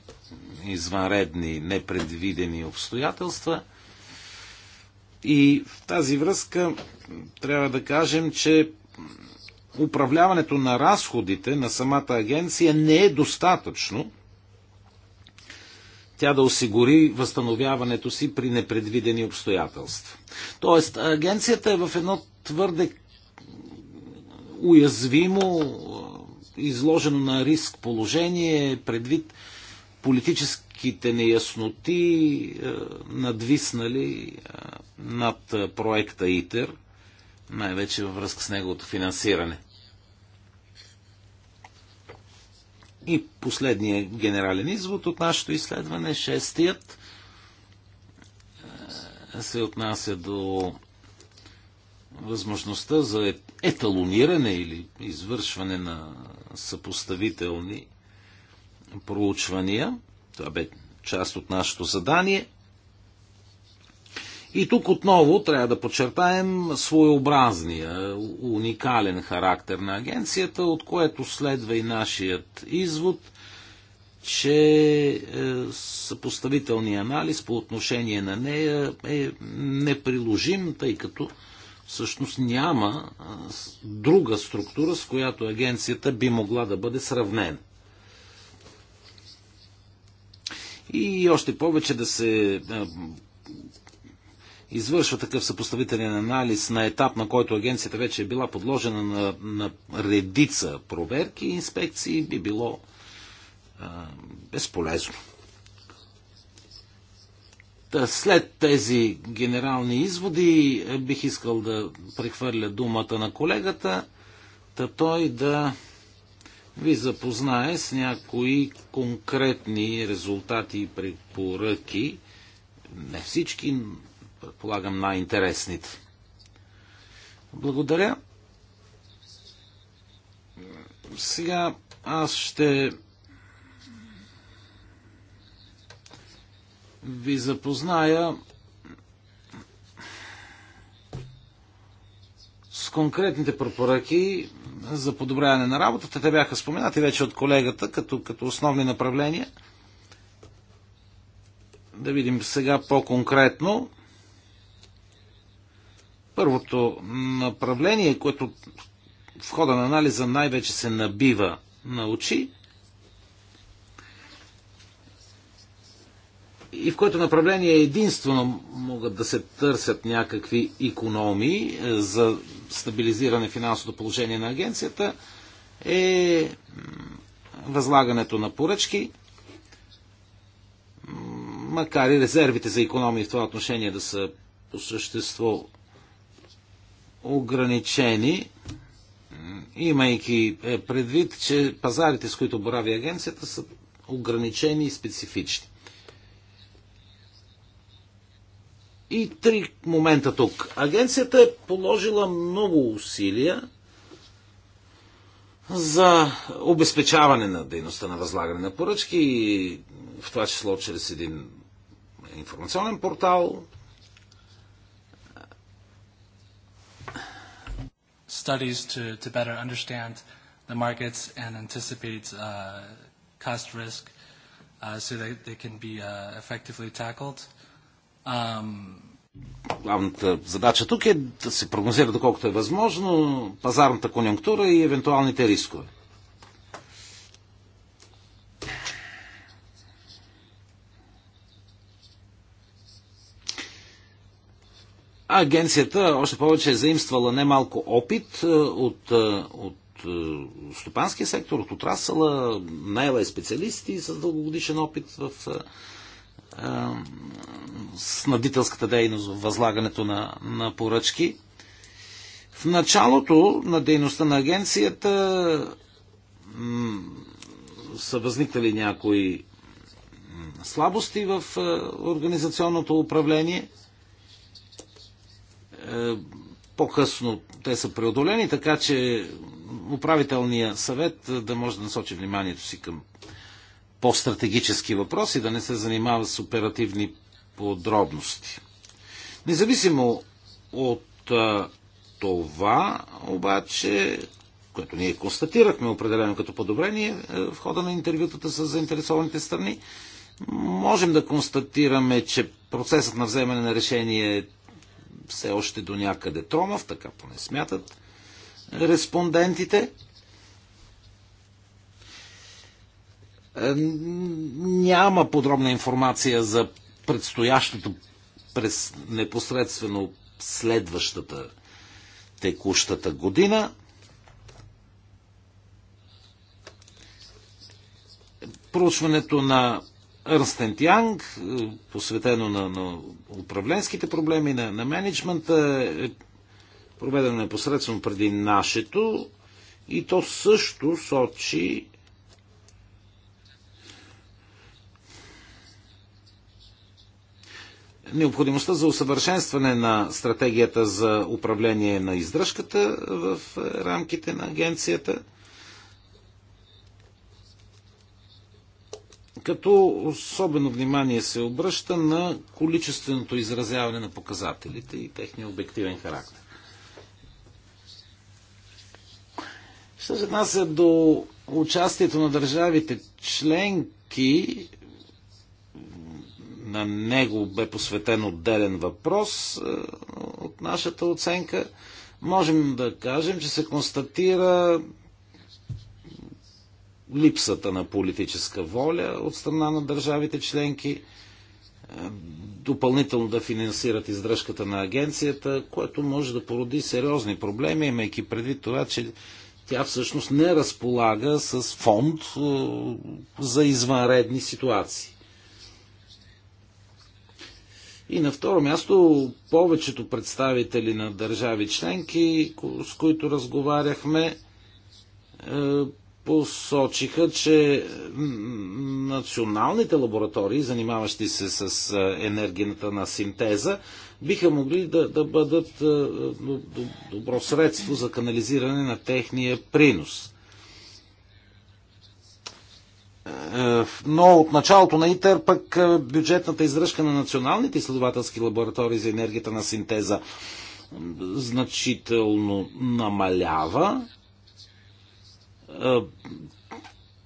Speaker 2: извънредни, непредвидени обстоятелства. И в тази връзка трябва да кажем, че управляването на разходите на самата агенция не е достатъчно тя да осигури възстановяването си при непредвидени обстоятелства. Тоест, агенцията е в едно твърде уязвимо изложено на риск положение предвид политическите неясноти е, надвиснали е, над е, проекта ИТЕР, най-вече във връзка с неговото финансиране. И последния генерален извод от нашето изследване, шестият, се отнася до възможността за еталониране или извършване на съпоставителни проучвания. Това бе част от нашето задание. И тук отново трябва да подчертаем своеобразния, уникален характер на агенцията, от което следва и нашият извод, че е, съпоставителният анализ по отношение на нея е неприложим, тъй като всъщност няма друга структура, с която агенцията би могла да бъде сравнена. И още повече да се извършва такъв съпоставителен анализ на етап, на който агенцията вече е била подложена на, на редица проверки и инспекции, би било а, безполезно. След тези генерални изводи е, бих искал да прехвърля думата на колегата, да той да ви запознае с някои конкретни резултати и препоръки. Не всички, предполагам, най-интересните. Благодаря. Сега аз ще ви запозная с конкретните препоръки за подобряване на работата. Те бяха споменати вече от колегата като, като основни направления. Да видим сега по-конкретно. Първото направление, което в хода на анализа най-вече се набива на очи, и в което направление единствено могат да се търсят някакви економии е, за стабилизиране финансовото положение на агенцията, е възлагането на поръчки, макар и резервите за економии в това отношение да са по същество ограничени, имайки е, предвид, че пазарите, с които борави агенцията, са ограничени и специфични. И три момента тук. Агенцията е положила много усилия за обезпечаване на дейността на възлагане на поръчки, в това число чрез един информационен портал.
Speaker 1: Studies to, to better understand the markets and anticipate uh, cost risk uh, so that they can be uh, effectively tackled.
Speaker 2: Главната задача тук е да се прогнозира доколкото е възможно пазарната конъюнктура и евентуалните рискове. А агенцията още повече е заимствала немалко опит е, от, е, от е, стопанския сектор, от отрасъла, наела е специалисти с дългогодишен опит в е, снабдителската дейност, възлагането на, на поръчки. В началото на дейността на агенцията са възникнали някои слабости в е, организационното управление. Е, по-късно те са преодолени, така че управителният съвет да може да насочи вниманието си към по-стратегически въпроси, да не се занимава с оперативни подробности. Независимо от а, това, обаче, което ние констатирахме определено като подобрение е, в хода на интервютата с заинтересованите страни, можем да констатираме, че процесът на вземане на решение е все още до някъде тромав, така поне смятат респондентите. Е, няма подробна информация за предстоящото през непосредствено следващата текущата година. Проучването на Ернстент Янг, посветено на, на управленските проблеми, на, на менеджмента, е проведено непосредствено преди нашето и то също сочи необходимостта за усъвършенстване на стратегията за управление на издръжката в е, рамките на агенцията, като особено внимание се обръща на количественото изразяване на показателите и техния обективен характер. Що се отнася до участието на държавите членки, на него бе посветен отделен въпрос е, от нашата оценка. Можем да кажем, че се констатира липсата на политическа воля от страна на държавите членки е, допълнително да финансират издръжката на агенцията, което може да породи сериозни проблеми, имайки предвид това, че тя всъщност не разполага с фонд е, за извънредни ситуации. И на второ място, повечето представители на държави членки, с които разговаряхме, е, посочиха, че националните лаборатории, занимаващи се с е, енергията на синтеза, биха могли да, да бъдат е, добро средство за канализиране на техния принос. Е, но от началото на ИТЕР пък е, бюджетната издръжка на националните изследователски лаборатории за енергията на синтеза значително намалява. Е,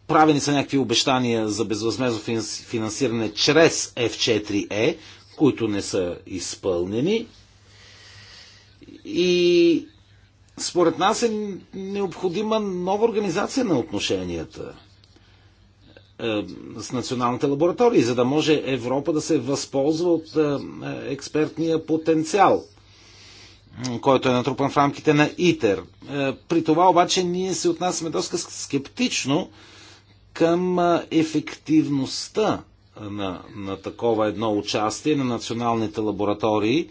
Speaker 2: правени са някакви обещания за безвъзмезно финансиране чрез F4E, които не са изпълнени. И според нас е необходима нова организация на отношенията е, с националните лаборатории, за да може Европа да се възползва от е, е, експертния потенциал, който е натрупан в рамките на ИТЕР. При това обаче ние се отнасяме доста скептично към ефективността на, на такова едно участие на националните лаборатории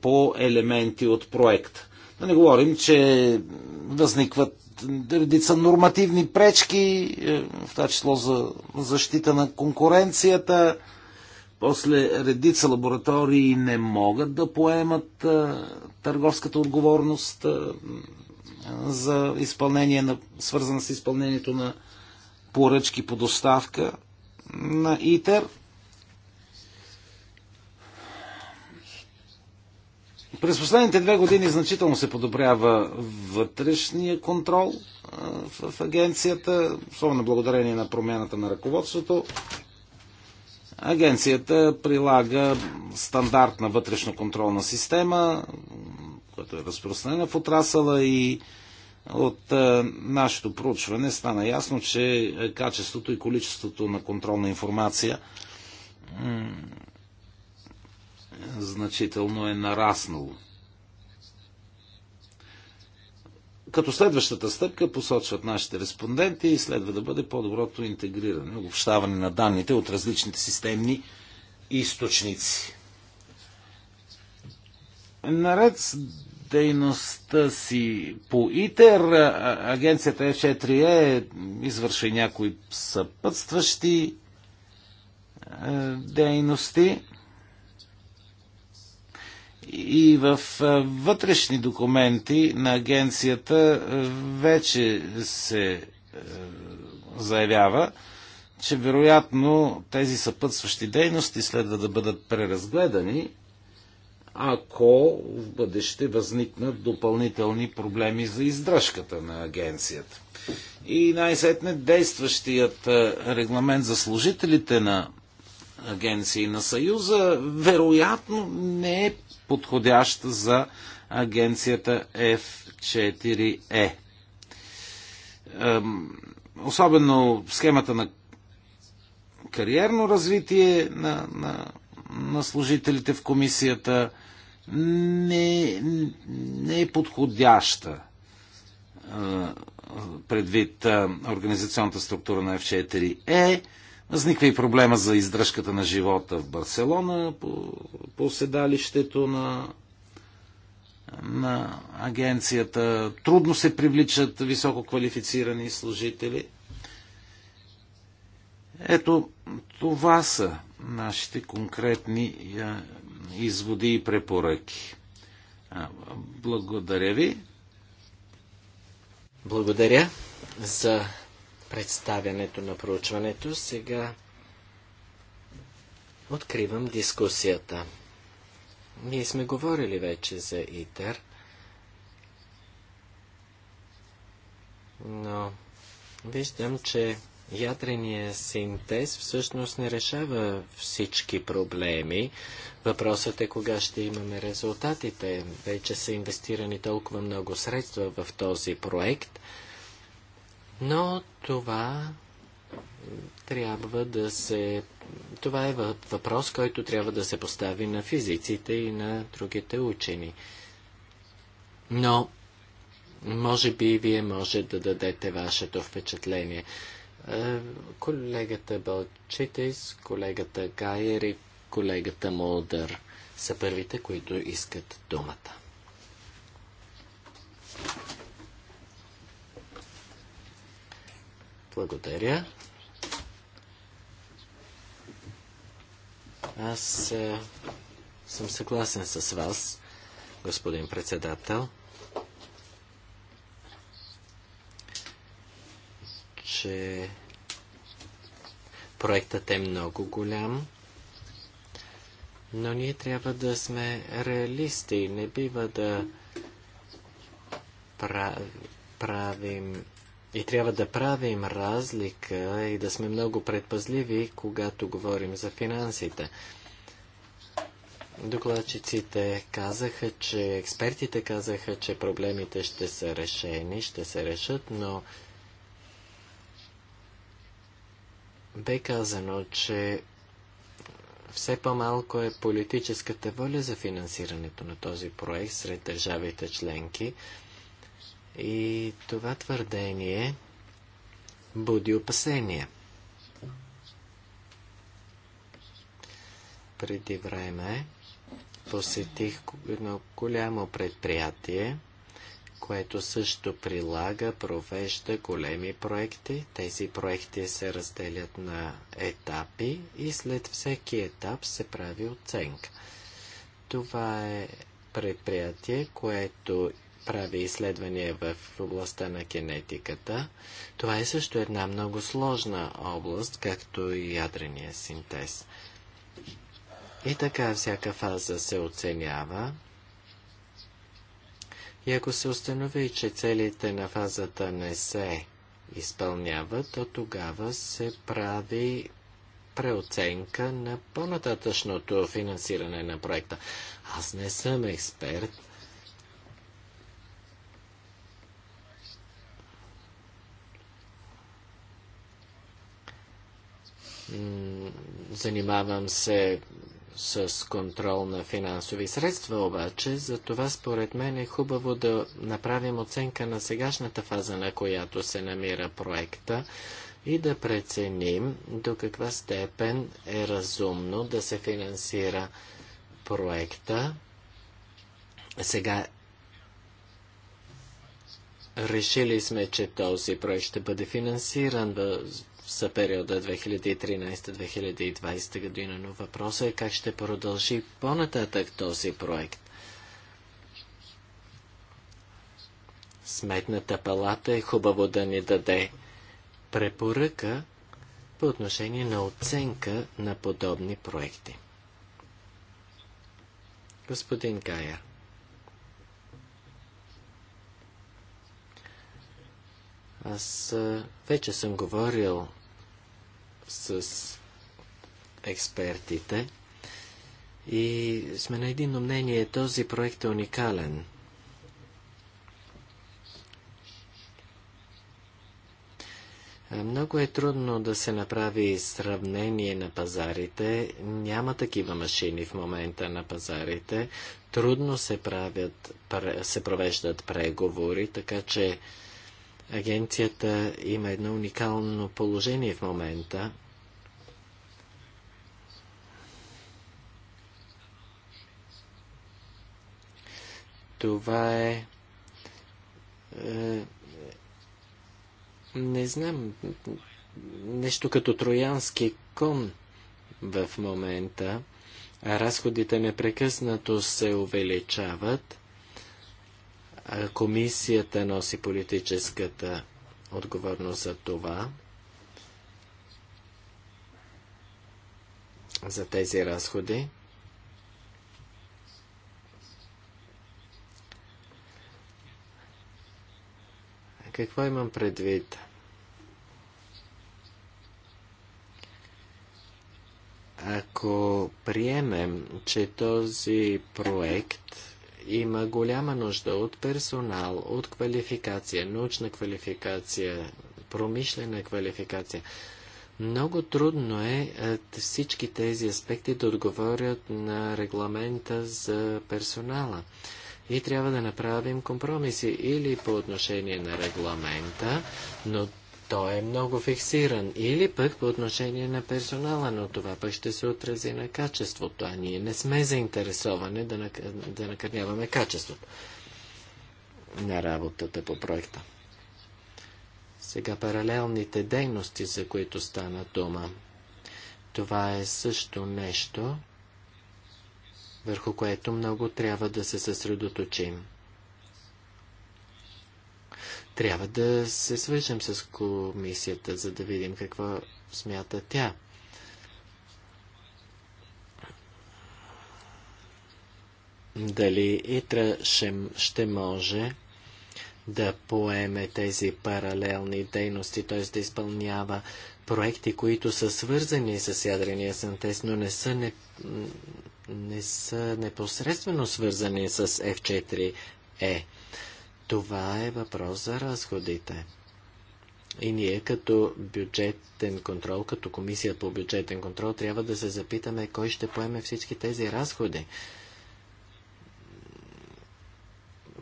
Speaker 2: по елементи от проект. Да не говорим, че възникват редица нормативни пречки, е, в това число за защита на конкуренцията. После редица лаборатории не могат да поемат е, търговската отговорност е, за изпълнение на, свързана с изпълнението на поръчки по доставка на ИТЕР. През последните две години значително се подобрява вътрешния контрол в агенцията, особено благодарение на промяната на ръководството. Агенцията прилага стандартна вътрешно-контролна система, която е разпространена в отрасъла и от нашето проучване стана ясно, че качеството и количеството на контролна информация значително е нараснало. Като следващата стъпка посочват нашите респонденти и следва да бъде по-доброто интегриране, обобщаване на данните от различните системни източници. Наред с дейността си по ИТЕР, агенцията F4E е извърши някои съпътстващи дейности и в вътрешни документи на агенцията вече се заявява, че вероятно тези съпътстващи дейности следва да бъдат преразгледани, ако в бъдеще възникнат допълнителни проблеми за издръжката на агенцията. И най-сетне действащият регламент за служителите на агенции на Съюза вероятно не е подходящ за агенцията F4E. Особено схемата на кариерно развитие на, на, на служителите в комисията не, не е подходяща е, предвид е, организационната структура на F4E Възниква и проблема за издръжката на живота в Барселона, по, по седалището на, на агенцията. Трудно се привличат високо квалифицирани служители. Ето, това са нашите конкретни е, изводи и препоръки. Благодаря ви. Благодаря за
Speaker 3: представянето на проучването. Сега откривам дискусията. Ние сме говорили вече за ИТЕР, но виждам, че ядрения синтез всъщност не решава всички проблеми. Въпросът е кога ще имаме резултатите. Вече са инвестирани толкова много средства в този проект – но това трябва да се... Това е въпрос, който трябва да се постави на физиците и на другите учени. Но, може би, вие може да дадете вашето впечатление. Е, колегата Балчитис, колегата Гайер и колегата Молдър са първите, които искат думата. Благодаря. Аз е, съм съгласен с вас, господин председател, че проектът е много голям, но ние трябва да сме реалисти. Не бива да правим и трябва да правим разлика и да сме много предпазливи, когато говорим за финансите. Докладчиците казаха, че експертите казаха, че проблемите ще са решени, ще се решат, но бе казано, че все по-малко е политическата воля за финансирането на този проект сред държавите членки. И това твърдение буди опасения. Преди време посетих едно голямо предприятие, което също прилага, провежда големи проекти. Тези проекти се разделят на етапи и след всеки етап се прави оценка. Това е предприятие, което прави изследвания в областта на генетиката. Това е също една много сложна област, както и ядрения синтез. И така всяка фаза се оценява. И ако се установи, че целите на фазата не се изпълняват, то тогава се прави преоценка на по-нататъчното финансиране на проекта. Аз не съм експерт, Занимавам се с контрол на финансови средства, обаче за това според мен е хубаво да направим оценка на сегашната фаза, на която се намира проекта и да преценим до каква степен е разумно да се финансира проекта. Сега решили сме, че този проект ще бъде финансиран за периода 2013-2020 година, но въпросът е как ще продължи по-нататък този проект. Сметната палата е хубаво да ни даде препоръка по отношение на оценка на подобни проекти. Господин Гайер. Аз вече съм говорил с експертите и сме на едино мнение, този проект е уникален. Много е трудно да се направи сравнение на пазарите. Няма такива машини в момента на пазарите. Трудно се, правят, се провеждат преговори, така че Агенцията има едно уникално положение в момента. Това е, е не знам, нещо като троянски кон в момента. Разходите непрекъснато се увеличават. Комисията носи политическата отговорност за това, за тези разходи. Какво имам предвид? Ако приемем, че този проект има голяма нужда от персонал, от квалификация, научна квалификация, промишлена квалификация. Много трудно е, е всички тези аспекти да отговорят на регламента за персонала. И трябва да направим компромиси или по отношение на регламента, но той е много фиксиран. Или пък по отношение на персонала, но това пък ще се отрази на качеството, а ние не сме заинтересовани да, накър... да накърняваме качеството на работата по проекта. Сега паралелните дейности, за които стана дума. Това е също нещо, върху което много трябва да се съсредоточим. Трябва да се свържем с комисията, за да видим какво смята тя. Дали ИТРА ще, ще може да поеме тези паралелни дейности, т.е. да изпълнява проекти, които са свързани с ядрения синтез, но не са, не, не са непосредствено свързани с F4E. Това е въпрос за разходите. И ние като бюджетен контрол, като комисия по бюджетен контрол, трябва да се запитаме кой ще поеме всички тези разходи.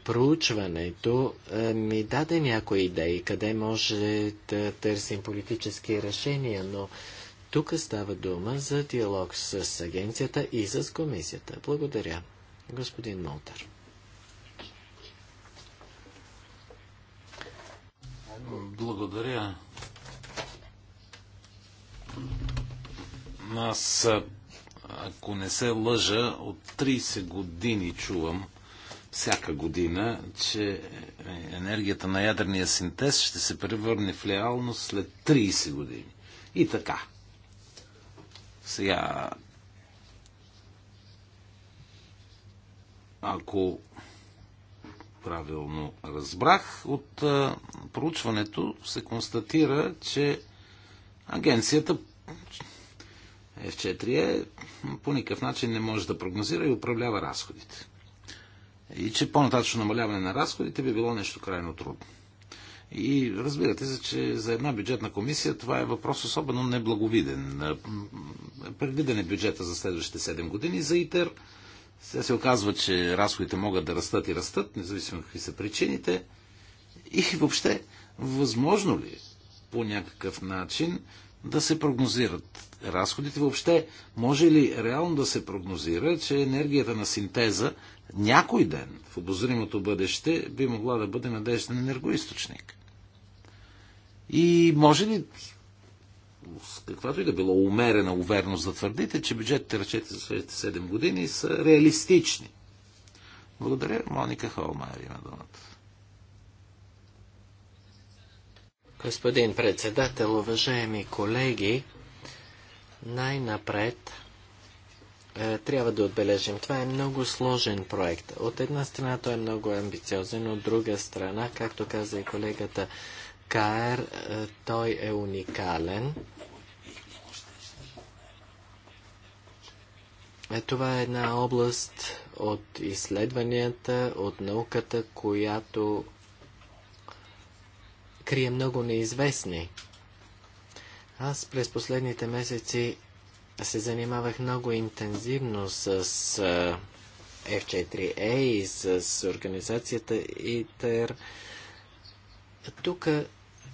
Speaker 3: Проучването е, ми даде някои идеи, къде може да търсим политически решения, но тук става дума за диалог с агенцията и с комисията. Благодаря, господин Молтер.
Speaker 2: Благодаря. Аз, ако не се лъжа, от 30 години чувам всяка година, че енергията на ядерния синтез ще се превърне в реалност след 30 години. И така. Сега, ако правилно разбрах, от проучването се констатира, че агенцията f 4 по никакъв начин не може да прогнозира и управлява разходите. И че по-нататъчно намаляване на разходите би било нещо крайно трудно. И разбирате се, че за една бюджетна комисия това е въпрос особено неблаговиден. Предвиден е бюджета за следващите 7 години за ИТЕР. Сега се оказва, че разходите могат да растат и растат, независимо какви са причините. И въобще, възможно ли е по някакъв начин да се прогнозират разходите? Въобще, може ли реално да се прогнозира, че енергията на синтеза някой ден в обозримото бъдеще би могла да бъде надежден енергоисточник? И може ли с каквато и да било умерена увереност да твърдите, че бюджетите разчети за следващите 7 години са реалистични. Благодаря. Моника Холмайер има думата.
Speaker 3: Господин председател, уважаеми колеги, най-напред е, трябва да отбележим. Това е много сложен проект. От една страна той е много амбициозен, от друга страна, както каза и колегата, макар е, той е уникален. Е, това е една област от изследванията, от науката, която крие много неизвестни. Аз през последните месеци се занимавах много интензивно с е, F4A и с организацията ИТЕР. Тук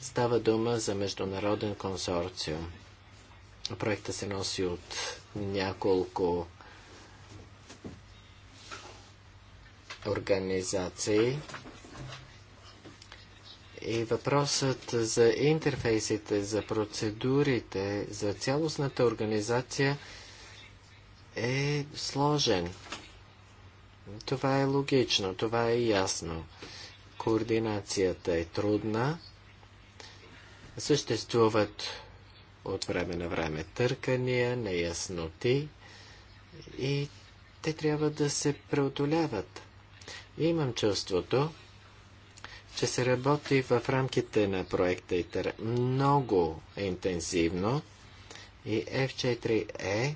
Speaker 3: Става дума за международен консорциум. Проекта се носи от няколко организации. И въпросът за интерфейсите, за процедурите, за цялостната организация е сложен. Това е логично, това е ясно. Координацията е трудна Съществуват от време на време търкания, неясноти и те трябва да се преодоляват. И имам чувството, че се работи в рамките на проекта ИТЕР много интензивно и F4E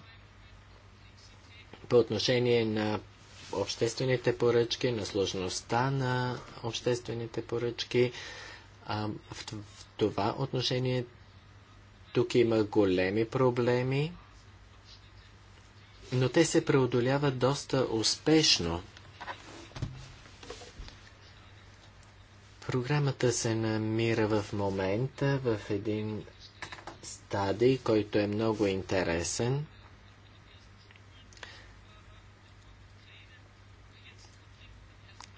Speaker 3: по отношение на обществените поръчки, на сложността на обществените поръчки. в това отношение тук има големи проблеми, но те се преодоляват доста успешно. Програмата се намира в момента в един стадий, който е много интересен.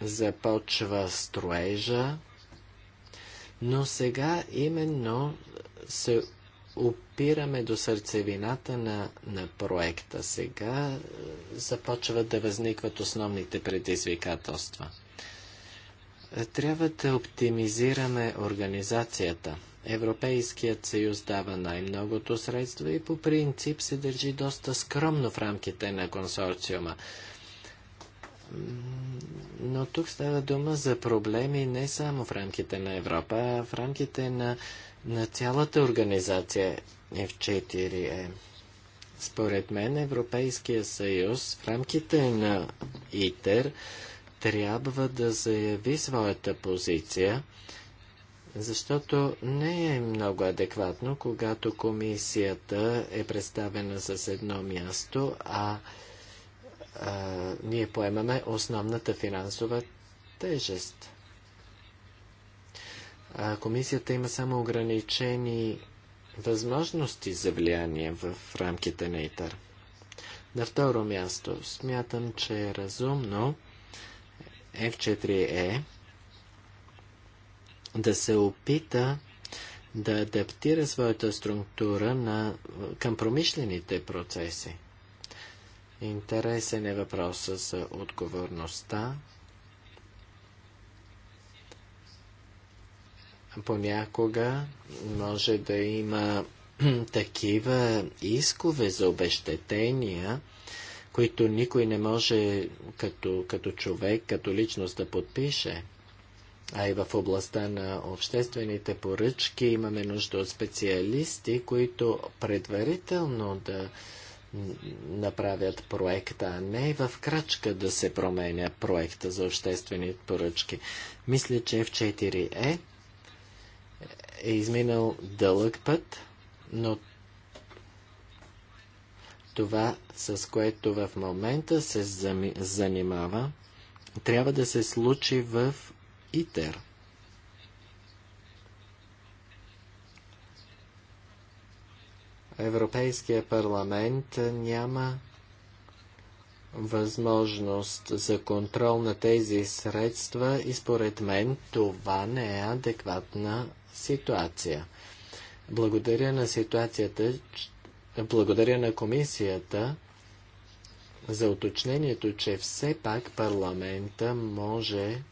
Speaker 3: Започва строежа. Но сега именно се опираме до сърцевината на, на проекта. Сега е, започват да възникват основните предизвикателства. Е, трябва да оптимизираме организацията. Европейският съюз дава най-многото средства и по принцип се държи доста скромно в рамките на консорциума. Но тук става дума за проблеми не само в рамките на Европа, а в рамките на, на цялата организация F4E. Според мен Европейския съюз в рамките на ИТЕР трябва да заяви своята позиция, защото не е много адекватно, когато комисията е представена с едно място, а а, ние поемаме основната финансова тежест. А, комисията има само ограничени възможности за влияние в рамките на ИТАР. На второ място, смятам, че е разумно F4E да се опита да адаптира своята структура на, към промишлените процеси. Интересен е въпроса за отговорността. Понякога може да има такива искове за обещетения, които никой не може като, като човек, като личност да подпише. А и в областта на обществените поръчки имаме нужда от специалисти, които предварително да направят проекта, а не в крачка да се променя проекта за обществени поръчки. Мисля, че F4E е, е изминал дълъг път, но това, с което в момента се занимава, трябва да се случи в ИТЕР. Европейския парламент няма възможност за контрол на тези средства и според мен това не е адекватна ситуация. Благодаря на ситуацията, благодаря на комисията за уточнението, че все пак парламента може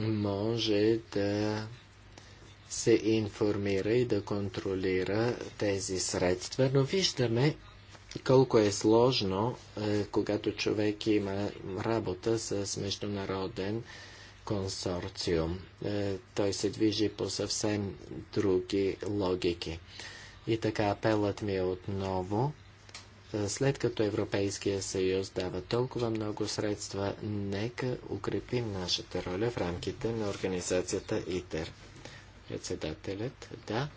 Speaker 3: може да се информира и да контролира тези средства, но виждаме колко е сложно, е, когато човек има работа с международен консорциум. Е, той се движи по съвсем други логики. И така апелът ми е отново е, след като Европейския съюз дава толкова много средства, нека укрепим нашата роля в рамките на организацията ИТЕР. Председателят, да.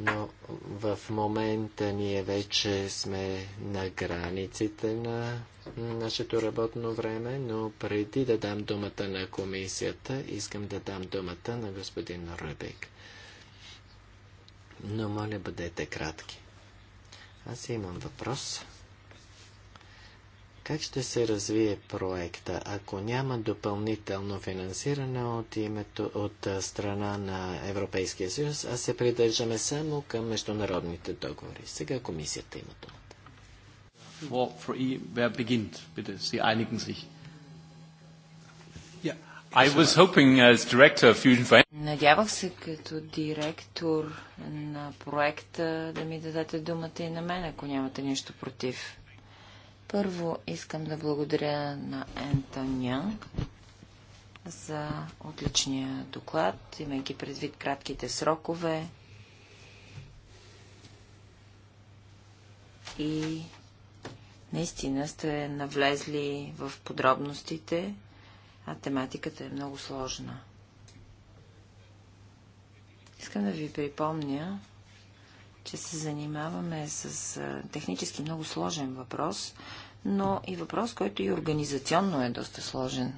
Speaker 3: Но в момента ние вече сме на границите на нашето работно време, но преди да дам думата на комисията, искам да дам думата на господин Рубик. Но моля бъдете кратки. Аз имам въпрос. Как ще се развие проекта, ако няма допълнително финансиране от, името, от страна на Европейския съюз, а се придържаме само към международните договори? Сега комисията има думата.
Speaker 2: E,
Speaker 4: Надявах се като директор на проекта да ми дадете думата и на мен, ако нямате нищо против. Първо искам да благодаря на Ентон Янг за отличния доклад, имайки предвид кратките срокове и наистина сте навлезли в подробностите, а тематиката е много сложна. Искам да ви припомня, че се занимаваме с технически много сложен въпрос, но и въпрос, който и организационно е доста сложен.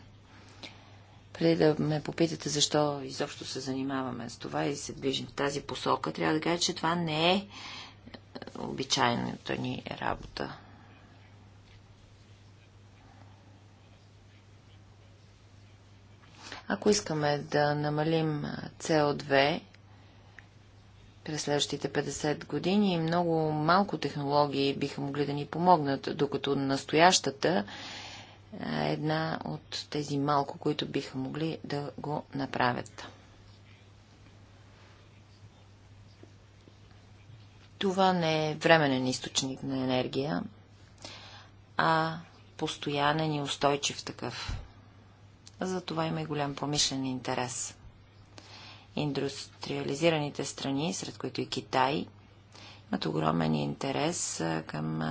Speaker 4: Преди да ме попитате защо изобщо се занимаваме с това и се движим в тази посока, трябва да кажа, че това не е, е обичайната ни работа. Ако искаме да намалим CO2, през следващите 50 години и много малко технологии биха могли да ни помогнат, докато настоящата е една от тези малко, които биха могли да го направят. Това не е временен източник на енергия, а постоянен и устойчив такъв. За това има и голям промишлен интерес индустриализираните страни, сред които и Китай, имат огромен интерес към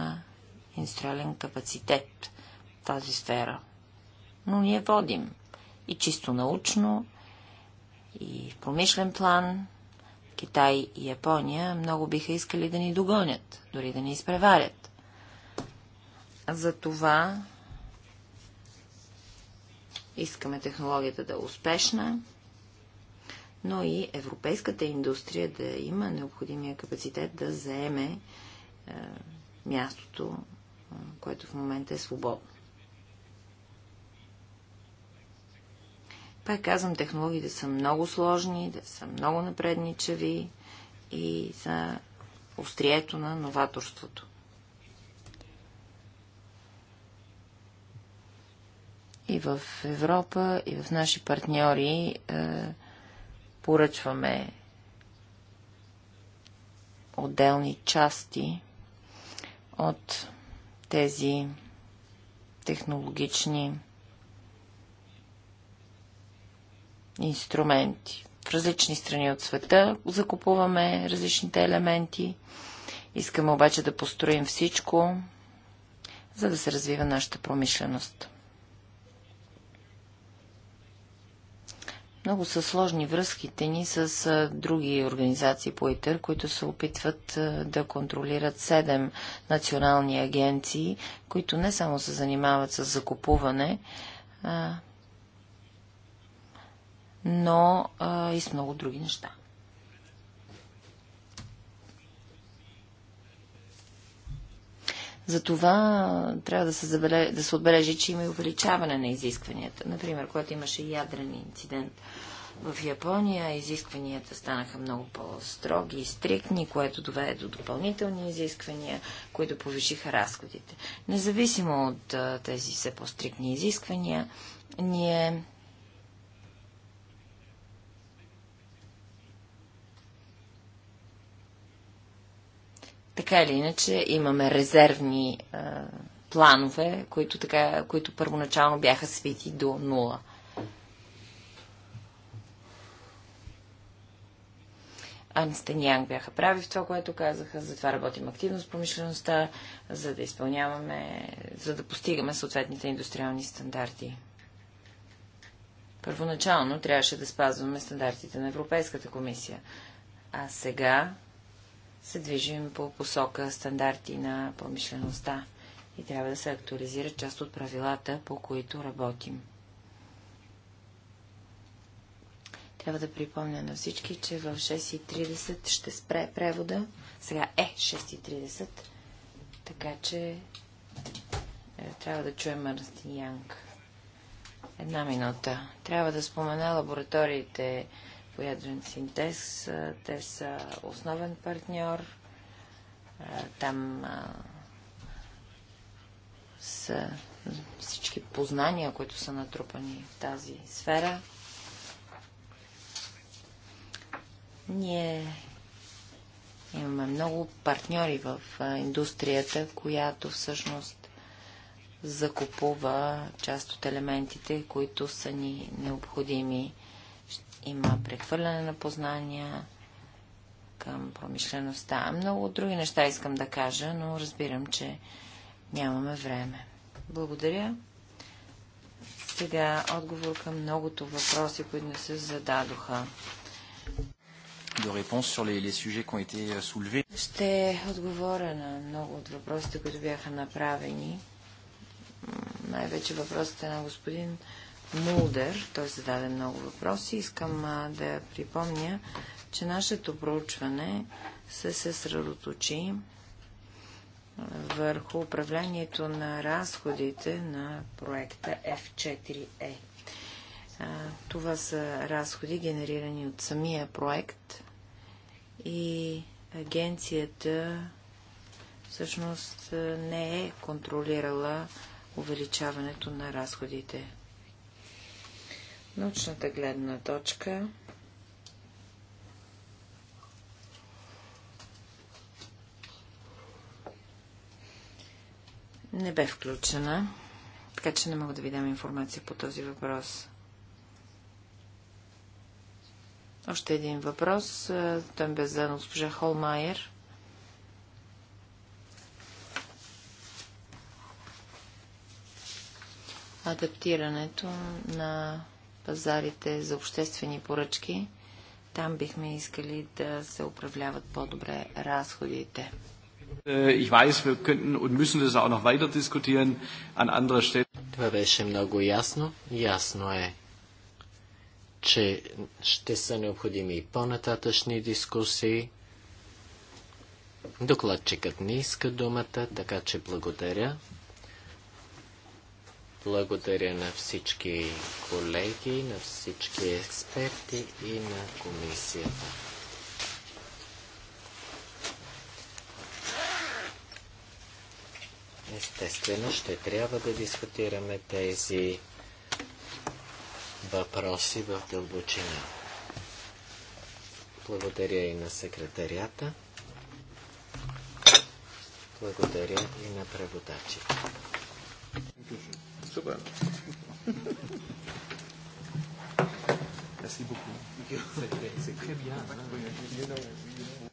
Speaker 4: индустриален капацитет в тази сфера. Но ние водим и чисто научно, и в промишлен план. Китай и Япония много биха искали да ни догонят, дори да ни изпреварят. Затова искаме технологията да е успешна, но и европейската индустрия да има необходимия капацитет да заеме е, мястото, което в момента е свободно. Пак казвам, технологиите са много сложни, да са много напредничави и са острието на новаторството. И в Европа, и в наши партньори е, поръчваме отделни части от тези технологични инструменти. В различни страни от света закупуваме различните елементи. Искаме обаче да построим всичко, за да се развива нашата промишленост. Много са сложни връзките ни с други организации по ИТЕР, които се опитват да контролират седем национални агенции, които не само се занимават с закупуване, но и с много други неща. За това трябва да се, забележи, да се отбележи, че има и увеличаване на изискванията. Например, когато имаше ядрен инцидент в Япония, изискванията станаха много по-строги и стриктни, което доведе до допълнителни изисквания, които повишиха разходите. Независимо от тези все по-стриктни изисквания, ние Така или иначе имаме резервни а, планове, които, така, които първоначално бяха свити до нула. Анстен Янг бяха прави в това, което казаха, затова работим активно с промишлеността, за да изпълняваме, за да постигаме съответните индустриални стандарти. Първоначално трябваше да спазваме стандартите на Европейската комисия, а сега се движим по посока стандарти на промишлеността и трябва да се актуализира част от правилата, по които работим. Трябва да припомня на всички, че в 6.30 ще спре превода. Сега е 6.30, така че е, трябва да чуем Арстин Янг. Една минута. Трябва да спомена лабораториите по ядрен синтез. Те са основен партньор. Там са всички познания, които са натрупани в тази сфера. Ние имаме много партньори в индустрията, която всъщност закупува част от елементите, които са ни необходими има прехвърляне на познания към промишлеността. Много други неща искам да кажа, но разбирам, че нямаме време. Благодаря. Сега отговор към многото въпроси, които не се зададоха.
Speaker 3: Euh,
Speaker 4: Ще отговоря на много от въпросите, които бяха направени. Най-вече въпросите на господин Мулдер. Той зададе много въпроси. Искам а, да припомня, че нашето проучване се съсредоточи върху управлението на разходите на проекта F4E. А, това са разходи, генерирани от самия проект и агенцията всъщност не е контролирала увеличаването на разходите научната гледна точка не бе включена, така че не мога да ви дам информация по този въпрос. Още един въпрос. Той бе за госпожа Холмайер. Адаптирането на пазарите за обществени поръчки. Там бихме искали да се управляват по-добре разходите.
Speaker 3: Е, Това беше много ясно. Ясно е, че ще са необходими и по-нататъчни дискусии. Докладчикът не иска думата, така че благодаря. Благодаря на всички колеги, на всички експерти и на комисията. Естествено, ще трябва да дискутираме тези въпроси в дълбочина. Благодаря и на секретарията. Благодаря и на преводачите. Super. Merci beaucoup. C'est très bien. Hein.